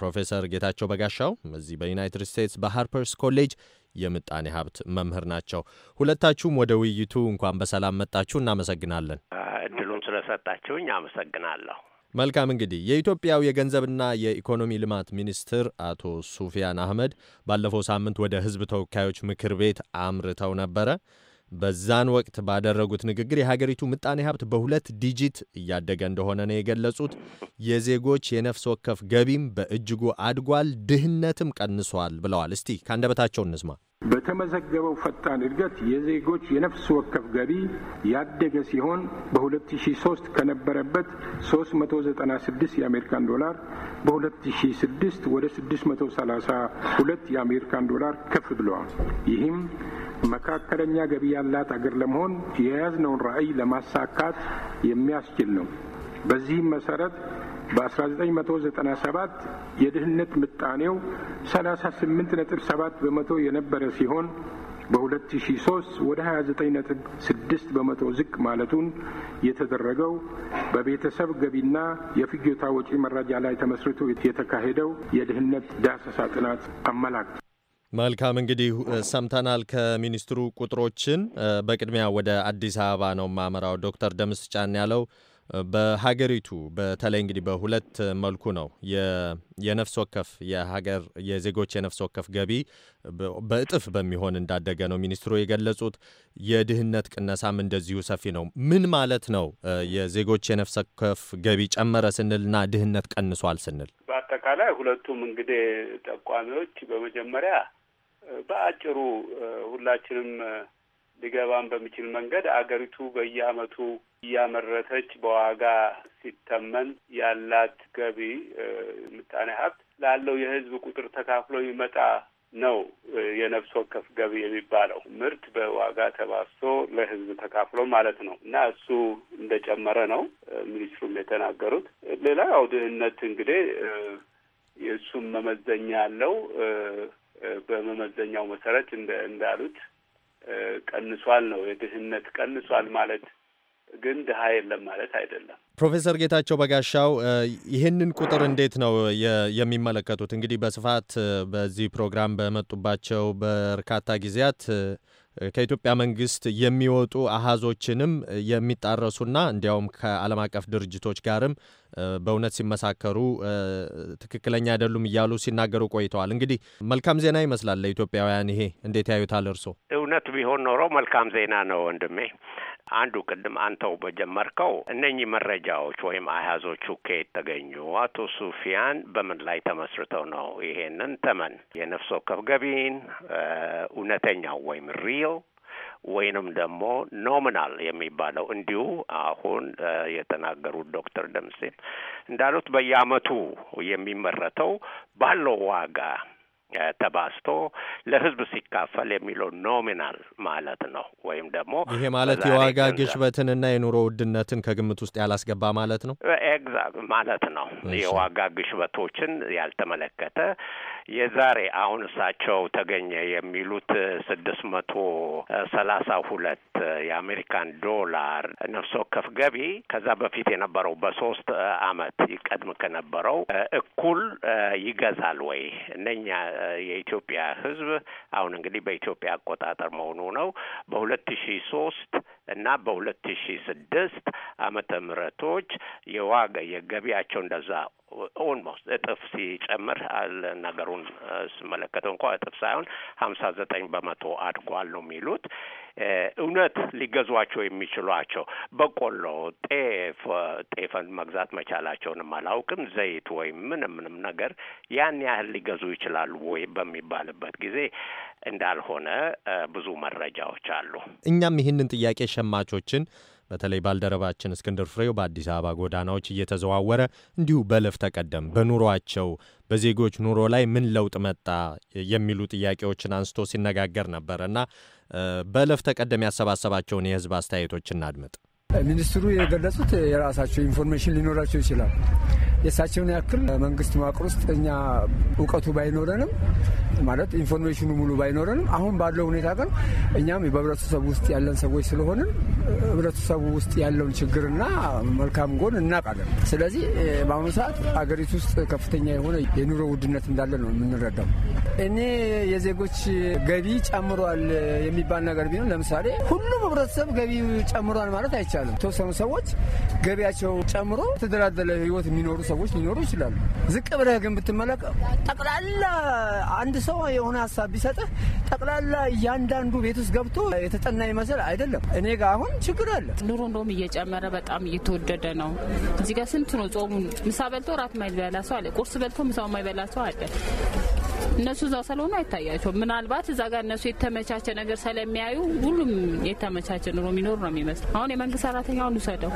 ፕሮፌሰር ጌታቸው በጋሻው እዚህ በዩናይትድ ስቴትስ በሃርፐርስ ኮሌጅ የምጣኔ ሀብት መምህር ናቸው። ሁለታችሁም ወደ ውይይቱ እንኳን በሰላም መጣችሁ። እናመሰግናለን። ስለሰጣችሁኝ አመሰግናለሁ። መልካም እንግዲህ የኢትዮጵያው የገንዘብና የኢኮኖሚ ልማት ሚኒስትር አቶ ሱፊያን አህመድ ባለፈው ሳምንት ወደ ህዝብ ተወካዮች ምክር ቤት አምርተው ነበረ። በዛን ወቅት ባደረጉት ንግግር የሀገሪቱ ምጣኔ ሀብት በሁለት ዲጂት እያደገ እንደሆነ ነው የገለጹት። የዜጎች የነፍስ ወከፍ ገቢም በእጅጉ አድጓል፣ ድህነትም ቀንሷል ብለዋል። እስቲ ከአንደበታቸው እንስማ። በተመዘገበው ፈጣን እድገት የዜጎች የነፍስ ወከፍ ገቢ ያደገ ሲሆን በ2003 ከነበረበት 396 የአሜሪካን ዶላር በ2006 ወደ 632 የአሜሪካን ዶላር ከፍ ብለዋል። ይህም መካከለኛ ገቢ ያላት አገር ለመሆን የያዝነውን ራዕይ ለማሳካት የሚያስችል ነው። በዚህም መሰረት በ1997 የድህነት ምጣኔው 38.7 በመቶ የነበረ ሲሆን በ2003 ወደ 29.6 በመቶ ዝቅ ማለቱን የተደረገው በቤተሰብ ገቢና የፍጆታ ወጪ መረጃ ላይ ተመስርቶ የተካሄደው የድህነት ዳሰሳ ጥናት አመላክቷል። መልካም እንግዲህ ሰምተናል ከሚኒስትሩ ቁጥሮችን። በቅድሚያ ወደ አዲስ አበባ ነው ማመራው ዶክተር ደምስ ጫን ያለው በሀገሪቱ በተለይ እንግዲህ በሁለት መልኩ ነው የነፍስ ወከፍ የሀገር የዜጎች የነፍስ ወከፍ ገቢ በእጥፍ በሚሆን እንዳደገ ነው ሚኒስትሩ የገለጹት። የድህነት ቅነሳም እንደዚሁ ሰፊ ነው። ምን ማለት ነው የዜጎች የነፍስ ወከፍ ገቢ ጨመረ ስንልና ድህነት ቀንሷል ስንል? በአጠቃላይ ሁለቱም እንግዲህ ጠቋሚዎች በመጀመሪያ በአጭሩ ሁላችንም ሊገባን በሚችል መንገድ አገሪቱ በየአመቱ እያመረተች በዋጋ ሲተመን ያላት ገቢ ምጣኔ ሀብት ላለው የህዝብ ቁጥር ተካፍሎ ይመጣ ነው የነፍስ ወከፍ ገቢ የሚባለው ምርት በዋጋ ተባሶ ለህዝብ ተካፍሎ ማለት ነው። እና እሱ እንደጨመረ ነው ሚኒስትሩም የተናገሩት። ሌላ ያው ድህነት እንግዲህ የእሱም መመዘኛ አለው። በመመዘኛው መሰረት እንዳሉት ቀንሷል ነው። የድህነት ቀንሷል ማለት ግን ድሀ የለም ማለት አይደለም። ፕሮፌሰር ጌታቸው በጋሻው ይህንን ቁጥር እንዴት ነው የሚመለከቱት? እንግዲህ በስፋት በዚህ ፕሮግራም በመጡባቸው በርካታ ጊዜያት ከኢትዮጵያ መንግስት የሚወጡ አሃዞችንም የሚጣረሱና እንዲያውም ከዓለም አቀፍ ድርጅቶች ጋርም በእውነት ሲመሳከሩ ትክክለኛ አይደሉም እያሉ ሲናገሩ ቆይተዋል። እንግዲህ መልካም ዜና ይመስላል ለኢትዮጵያውያን። ይሄ እንዴት ያዩታል እርሶ? እውነት ቢሆን ኖሮ መልካም ዜና ነው ወንድሜ። አንዱ ቅድም አንተው በጀመርከው እነኚህ መረጃዎች ወይም አሃዞቹ ከየት ተገኙ? አቶ ሱፊያን በምን ላይ ተመስርተው ነው ይሄንን ተመን የነፍስ ወከፍ ገቢን እውነተኛው ወይም ሪል ወይንም ደግሞ ኖሚናል የሚባለው እንዲሁ አሁን የተናገሩት ዶክተር ደምሴ እንዳሉት በየአመቱ የሚመረተው ባለው ዋጋ ተባስቶ ለህዝብ ሲካፈል የሚለው ኖሚናል ማለት ነው። ወይም ደግሞ ይሄ ማለት የዋጋ ግሽበትንና የኑሮ ውድነትን ከግምት ውስጥ ያላስገባ ማለት ነው። ኤግዛክት ማለት ነው። የዋጋ ግሽበቶችን ያልተመለከተ የዛሬ አሁን እሳቸው ተገኘ የሚሉት ስድስት መቶ ሰላሳ ሁለት የአሜሪካን ዶላር ነፍስ ወከፍ ገቢ ከዛ በፊት የነበረው በሶስት አመት ይቀድም ከነበረው እኩል ይገዛል ወይ? እነኛ የኢትዮጵያ ህዝብ አሁን እንግዲህ በኢትዮጵያ አቆጣጠር መሆኑ ነው በሁለት ሺ ሶስት እና በሁለት ሺ ስድስት ምህረቶች የዋጋ የገቢያቸው እንደዛ ኦልሞስት እጥፍ ሲጨምር ነገሩን ስመለከተው እንኳ እጥፍ ሳይሆን ሀምሳ ዘጠኝ በመቶ አድጓል ነው የሚሉት እውነት ሊገዟቸው የሚችሏቸው በቆሎ፣ ጤፍ ጤፈን መግዛት መቻላቸውንም አላውቅም። ዘይት ወይም ምንም ምንም ነገር ያን ያህል ሊገዙ ይችላሉ ወይ በሚባልበት ጊዜ እንዳልሆነ ብዙ መረጃዎች አሉ። እኛም ይህንን ጥያቄ ሸማቾችን በተለይ ባልደረባችን እስክንድር ፍሬው በአዲስ አበባ ጎዳናዎች እየተዘዋወረ እንዲሁ በለፍ ተቀደም በኑሯቸው በዜጎች ኑሮ ላይ ምን ለውጥ መጣ የሚሉ ጥያቄዎችን አንስቶ ሲነጋገር ነበር እና በለፍ ተቀደም ያሰባሰባቸውን የህዝብ አስተያየቶች እናድምጥ። ሚኒስትሩ የገለጹት የራሳቸው ኢንፎርሜሽን ሊኖራቸው ይችላል የእሳቸውን ያክል መንግስት መዋቅር ውስጥ እኛ እውቀቱ ባይኖረንም ማለት ኢንፎርሜሽኑ ሙሉ ባይኖረንም አሁን ባለው ሁኔታ ግን እኛም በህብረተሰቡ ውስጥ ያለን ሰዎች ስለሆንን ህብረተሰቡ ውስጥ ያለውን ችግርና መልካም ጎን እናውቃለን። ስለዚህ በአሁኑ ሰዓት አገሪቱ ውስጥ ከፍተኛ የሆነ የኑሮ ውድነት እንዳለ ነው የምንረዳው። እኔ የዜጎች ገቢ ጨምሯል የሚባል ነገር ቢሆን ለምሳሌ ሁሉም ህብረተሰብ ገቢ ጨምሯል ማለት አይቻልም። የተወሰኑ ሰዎች ገቢያቸው ጨምሮ የተደላደለ ህይወት የሚኖሩ ሰዎች ሊኖሩ ይችላሉ። ዝቅ ብለህ ግን ብትመለቀ ጠቅላላ አንድ ሰው የሆነ ሀሳብ ቢሰጥህ ጠቅላላ እያንዳንዱ ቤት ውስጥ ገብቶ የተጠና ይመስል አይደለም። እኔ ጋር አሁን ችግር አለ። ኑሮ እንደውም እየጨመረ በጣም እየተወደደ ነው። እዚህ ጋር ስንት ነው ጾሙ? ምሳ በልቶ ራት ማይበላ ሰው አለ። ቁርስ በልቶ ምሳው ማይበላ ሰው አለ። እነሱ እዛ ስለሆኑ አይታያቸውም። ምናልባት እዛ ጋር እነሱ የተመቻቸ ነገር ስለሚያዩ ሁሉም የተመቻቸ ኑሮ የሚኖሩ ነው የሚመስለው። አሁን የመንግስት ሰራተኛውን ውሰደው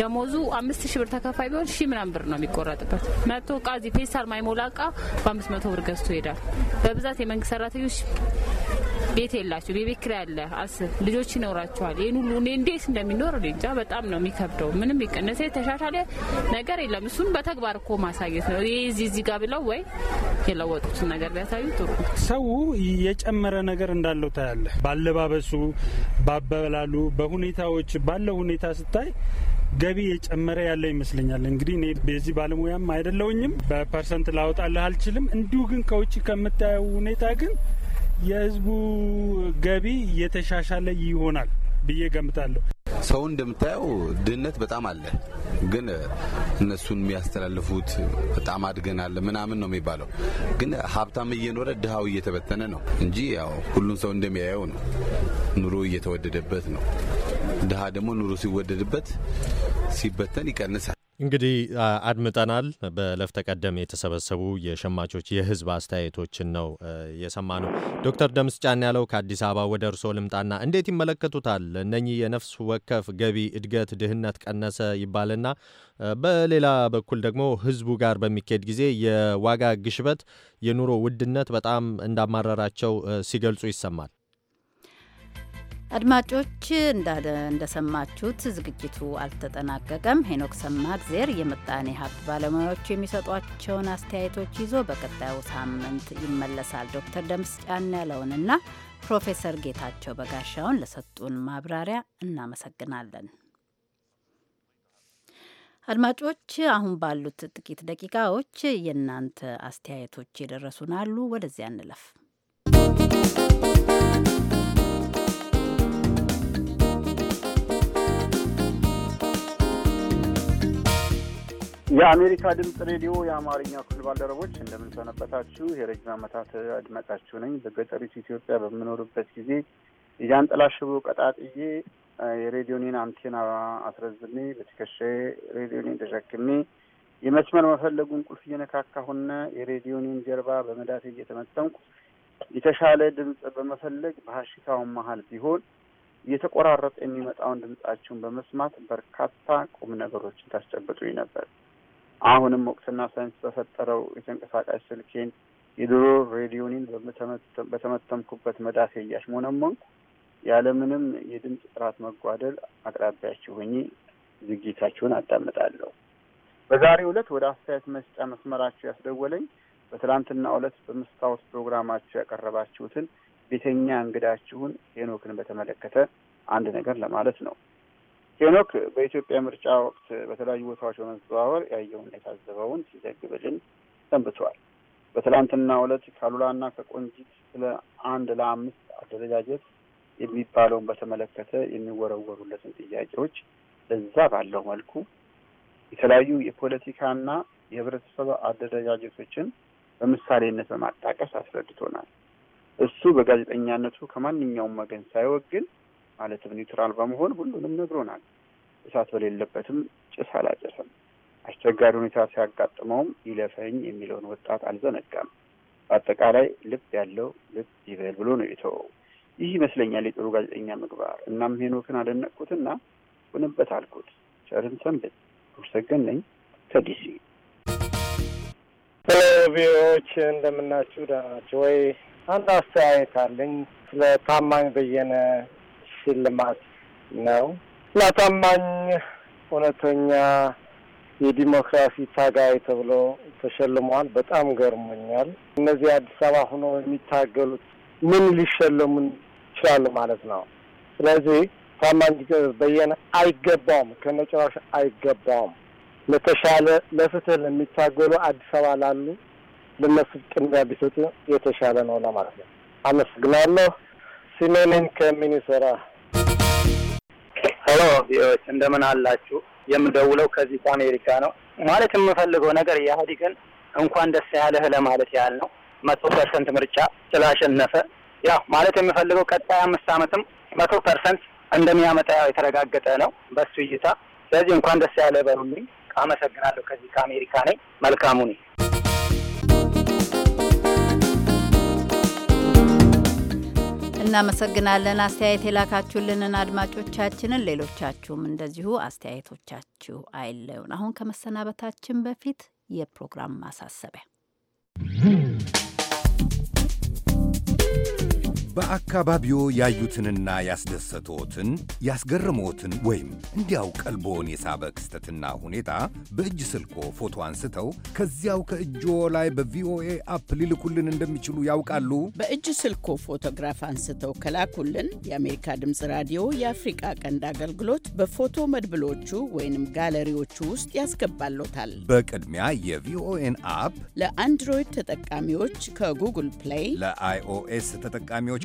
ደሞዙ አምስት ሺ ብር ተከፋይ ቢሆን ሺ ምናምን ብር ነው የሚቆረጥበት። መቶ እቃ እዚህ ፔስታል ማይሞላ እቃ በአምስት መቶ ብር ገዝቶ ይሄዳል። በብዛት የመንግስት ሰራተኞች ቤት የላቸው የቤት ኪራይ አለ። ልጆች ይኖራቸዋል። ይህን ሁሉ እኔ እንዴት እንደሚኖር እንጃ። በጣም ነው የሚከብደው። ምንም ይቀነሰ የተሻሻለ ነገር የለም። እሱን በተግባር እኮ ማሳየት ነው። ይህ እዚህ ጋር ብለው ወይ የለወጡትን ነገር ቢያሳዩ ጥሩ። ሰው የጨመረ ነገር እንዳለው ታያለ። ባለባበሱ፣ ባበላሉ፣ በሁኔታዎች ባለው ሁኔታ ስታይ ገቢ የጨመረ ያለ ይመስለኛል። እንግዲህ እኔ በዚህ ባለሙያም አይደለውኝም በፐርሰንት ላወጣልህ አልችልም። እንዲሁ ግን ከውጭ ከምታየው ሁኔታ ግን የህዝቡ ገቢ እየተሻሻለ ይሆናል ብዬ ገምታለሁ። ሰው እንደምታየው ድህነት በጣም አለ፣ ግን እነሱን የሚያስተላልፉት በጣም አድገናል ምናምን ነው የሚባለው። ግን ሀብታም እየኖረ ድሃው እየተበተነ ነው እንጂ ያው ሁሉም ሰው እንደሚያየው ነው። ኑሮ እየተወደደበት ነው። ድሃ ደግሞ ኑሮ ሲወደድበት ሲበተን ይቀንሳል። እንግዲህ አድምጠናል። በለፍተ ቀደም የተሰበሰቡ የሸማቾች የህዝብ አስተያየቶችን ነው የሰማ ነው። ዶክተር ደምስ ጫን ያለው ከአዲስ አበባ ወደ እርስዎ ልምጣና እንዴት ይመለከቱታል? እነኚህ የነፍስ ወከፍ ገቢ እድገት ድህነት ቀነሰ ይባልና በሌላ በኩል ደግሞ ህዝቡ ጋር በሚካሄድ ጊዜ የዋጋ ግሽበት፣ የኑሮ ውድነት በጣም እንዳማረራቸው ሲገልጹ ይሰማል። አድማጮች እንደሰማችሁት ዝግጅቱ አልተጠናቀቀም። ሄኖክ ሰማእግዜር የምጣኔ ሀብት ባለሙያዎች የሚሰጧቸውን አስተያየቶች ይዞ በቀጣዩ ሳምንት ይመለሳል። ዶክተር ደምስ ጫን ያለውንና ፕሮፌሰር ጌታቸው በጋሻውን ለሰጡን ማብራሪያ እናመሰግናለን። አድማጮች አሁን ባሉት ጥቂት ደቂቃዎች የእናንተ አስተያየቶች የደረሱን አሉ። ወደዚያ እንለፍ። የአሜሪካ ድምፅ ሬዲዮ የአማርኛ ክፍል ባልደረቦች እንደምንሰነበታችሁ። የረጅም ዓመታት አድማጫችሁ ነኝ። በገጠሪቱ ኢትዮጵያ በምኖርበት ጊዜ የጃንጥላ ቀጣጥዬ የሬዲዮኔን አንቴና አስረዝሜ በትከሻዬ ሬዲዮኔን ተሸክሜ የመስመር መፈለጉን ቁልፍ እየነካካሁነ የሬዲዮኔን ጀርባ በመዳት እየተመጠንኩ የተሻለ ድምፅ በመፈለግ በሀሽታውን መሀል ቢሆን እየተቆራረጠ የሚመጣውን ድምጻችሁን በመስማት በርካታ ቁም ነገሮችን ታስጨብጡኝ ነበር። አሁንም ወቅትና ሳይንስ በፈጠረው የተንቀሳቃሽ ስልኬን የድሮ ሬዲዮኒን በተመተምኩበት መዳፌ እያሽሞነሞንኩ ያለምንም የድምፅ ጥራት መጓደል አቅራቢያችሁ ሆኜ ዝግጅታችሁን አዳምጣለሁ። በዛሬው ዕለት ወደ አስተያየት መስጫ መስመራችሁ ያስደወለኝ በትላንትና ዕለት በመስታወት ፕሮግራማችሁ ያቀረባችሁትን ቤተኛ እንግዳችሁን ሄኖክን በተመለከተ አንድ ነገር ለማለት ነው። ሄኖክ በኢትዮጵያ ምርጫ ወቅት በተለያዩ ቦታዎች በመዘዋወር ያየውን የታዘበውን ሲዘግብልን ሰንብተዋል። በትላንትናው ዕለት ከሉላና ከቆንጂት ስለ አንድ ለአምስት አደረጃጀት የሚባለውን በተመለከተ የሚወረወሩለትን ጥያቄዎች ለዛ ባለው መልኩ የተለያዩ የፖለቲካና የህብረተሰብ አደረጃጀቶችን በምሳሌነት በማጣቀስ አስረድቶናል። እሱ በጋዜጠኛነቱ ከማንኛውም ወገን ሳይወግን ማለትም ኒውትራል በመሆን ሁሉንም ነግሮናል። እሳት በሌለበትም ጭስ አላጨሰም። አስቸጋሪ ሁኔታ ሲያጋጥመውም ይለፈኝ የሚለውን ወጣት አልዘነጋም። በአጠቃላይ ልብ ያለው ልብ ይበል ብሎ ነው የተወው። ይህ ይመስለኛል የጥሩ ጋዜጠኛ ምግባር። እናም ሄኖክን አደነቅኩትና ሁንበት አልኩት። ቸርን ሰንብት። ሙሰገን ነኝ ከዲሲ ቪዎች እንደምናችሁ ደህና ናችሁ ወይ? አንድ አስተያየት አለኝ ስለ ታማኝ በየነ ልማት ነው እና ታማኝ እውነተኛ የዲሞክራሲ ታጋይ ተብሎ ተሸልሟል በጣም ገርሞኛል። እነዚህ አዲስ አበባ ሆኖ የሚታገሉት ምን ሊሸለሙ ይችላሉ ማለት ነው? ስለዚህ ታማኝ በየነ አይገባውም፣ ከመጨረሻ አይገባውም። ለተሻለ ለፍትህ ለሚታገሉ አዲስ አበባ ላሉ ለነሱ ቅድሚያ ቢሰጡ የተሻለ ነው ለማለት ነው። አመሰግናለሁ። ሲሜኔን ከሚኒሶራ ሄሎ ቪዎች እንደምን አላችሁ? የምደውለው ከዚህ ከአሜሪካ ነው። ማለት የምፈልገው ነገር ኢህአዴግን እንኳን ደስ ያለህ ለማለት ያህል ነው። መቶ ፐርሰንት ምርጫ ስላሸነፈ ያው ማለት የምፈልገው ቀጣይ አምስት ዓመትም መቶ ፐርሰንት እንደሚያመጣ ያው የተረጋገጠ ነው በሱ እይታ። ስለዚህ እንኳን ደስ ያለህ በሉልኝ። አመሰግናለሁ። ከዚህ ከአሜሪካ ነኝ። መልካሙ ነኝ። እናመሰግናለን። አስተያየት የላካችሁልንን አድማጮቻችንን፣ ሌሎቻችሁም እንደዚሁ አስተያየቶቻችሁ አይለዩን። አሁን ከመሰናበታችን በፊት የፕሮግራም ማሳሰቢያ በአካባቢዎ ያዩትንና ያስደሰቶትን ያስገርሞትን ወይም እንዲያው ቀልቦን የሳበ ክስተትና ሁኔታ በእጅ ስልኮ ፎቶ አንስተው ከዚያው ከእጆ ላይ በቪኦኤ አፕ ሊልኩልን እንደሚችሉ ያውቃሉ? በእጅ ስልኮ ፎቶግራፍ አንስተው ከላኩልን የአሜሪካ ድምፅ ራዲዮ የአፍሪቃ ቀንድ አገልግሎት በፎቶ መድብሎቹ ወይንም ጋለሪዎቹ ውስጥ ያስገባሎታል። በቅድሚያ የቪኦኤን አፕ ለአንድሮይድ ተጠቃሚዎች ከጉግል ፕሌይ፣ ለአይኦኤስ ተጠቃሚዎች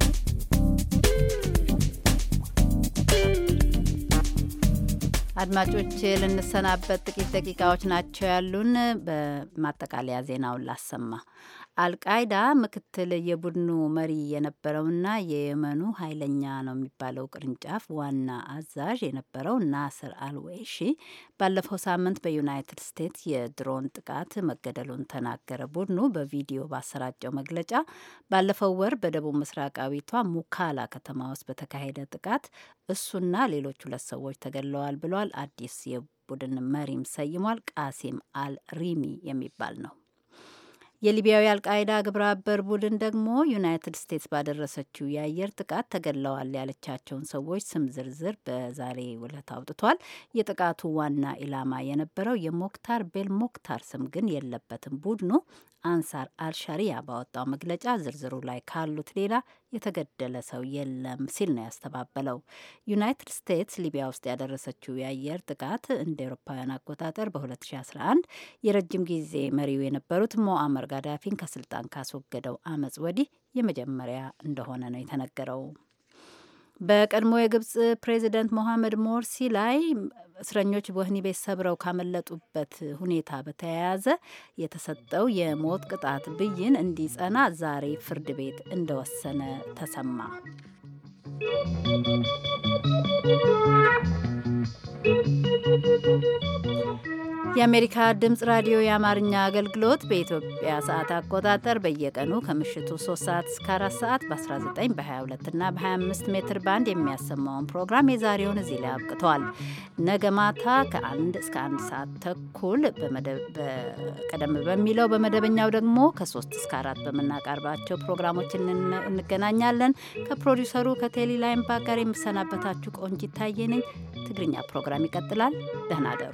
አድማጮች ልንሰናበት ጥቂት ደቂቃዎች ናቸው ያሉን። በማጠቃለያ ዜናውን ላሰማ። አልቃይዳ ምክትል የቡድኑ መሪ የነበረውና የየመኑ ኃይለኛ ነው የሚባለው ቅርንጫፍ ዋና አዛዥ የነበረው ናስር አልዌሺ ባለፈው ሳምንት በዩናይትድ ስቴትስ የድሮን ጥቃት መገደሉን ተናገረ። ቡድኑ በቪዲዮ ባሰራጨው መግለጫ ባለፈው ወር በደቡብ ምስራቃዊቷ ሙካላ ከተማ ውስጥ በተካሄደ ጥቃት እሱና ሌሎች ሁለት ሰዎች ተገድለዋል ብሏል። አዲስ የቡድን መሪም ሰይሟል። ቃሲም አልሪሚ የሚባል ነው። የሊቢያዊ አልቃይዳ ግብረ አበር ቡድን ደግሞ ዩናይትድ ስቴትስ ባደረሰችው የአየር ጥቃት ተገድለዋል ያለቻቸውን ሰዎች ስም ዝርዝር በዛሬ ውለት አውጥቷል። የጥቃቱ ዋና ኢላማ የነበረው የሞክታር ቤል ሞክታር ስም ግን የለበትም። ቡድኑ አንሳር አልሻሪያ ባወጣው መግለጫ ዝርዝሩ ላይ ካሉት ሌላ የተገደለ ሰው የለም ሲል ነው ያስተባበለው። ዩናይትድ ስቴትስ ሊቢያ ውስጥ ያደረሰችው የአየር ጥቃት እንደ ኤሮፓውያን አቆጣጠር በ2011 የረጅም ጊዜ መሪው የነበሩት ሞአመር ጋዳፊን ከስልጣን ካስወገደው አመጽ ወዲህ የመጀመሪያ እንደሆነ ነው የተነገረው። በቀድሞ የግብጽ ፕሬዚደንት ሞሐመድ ሞርሲ ላይ እስረኞች ወህኒ ቤት ሰብረው ካመለጡበት ሁኔታ በተያያዘ የተሰጠው የሞት ቅጣት ብይን እንዲጸና ዛሬ ፍርድ ቤት እንደወሰነ ተሰማ። የአሜሪካ ድምፅ ራዲዮ የአማርኛ አገልግሎት በኢትዮጵያ ሰዓት አቆጣጠር በየቀኑ ከምሽቱ 3 ሰዓት እስከ 4 ሰዓት በ19 በ22 እና በ25 ሜትር ባንድ የሚያሰማውን ፕሮግራም የዛሬውን እዚህ ላይ አብቅተዋል። ነገ ማታ ከአንድ እስከ አንድ ሰዓት ተኩል ቀደም በሚለው በመደበኛው ደግሞ ከ3 እስከ 4 በምናቀርባቸው ፕሮግራሞች እንገናኛለን። ከፕሮዲውሰሩ ከቴሊ ላይምባ የምሰናበታችሁ ቆንጅ ይታየ ነኝ። ትግርኛ ፕሮግራም ይቀጥላል። ደህና አደሩ።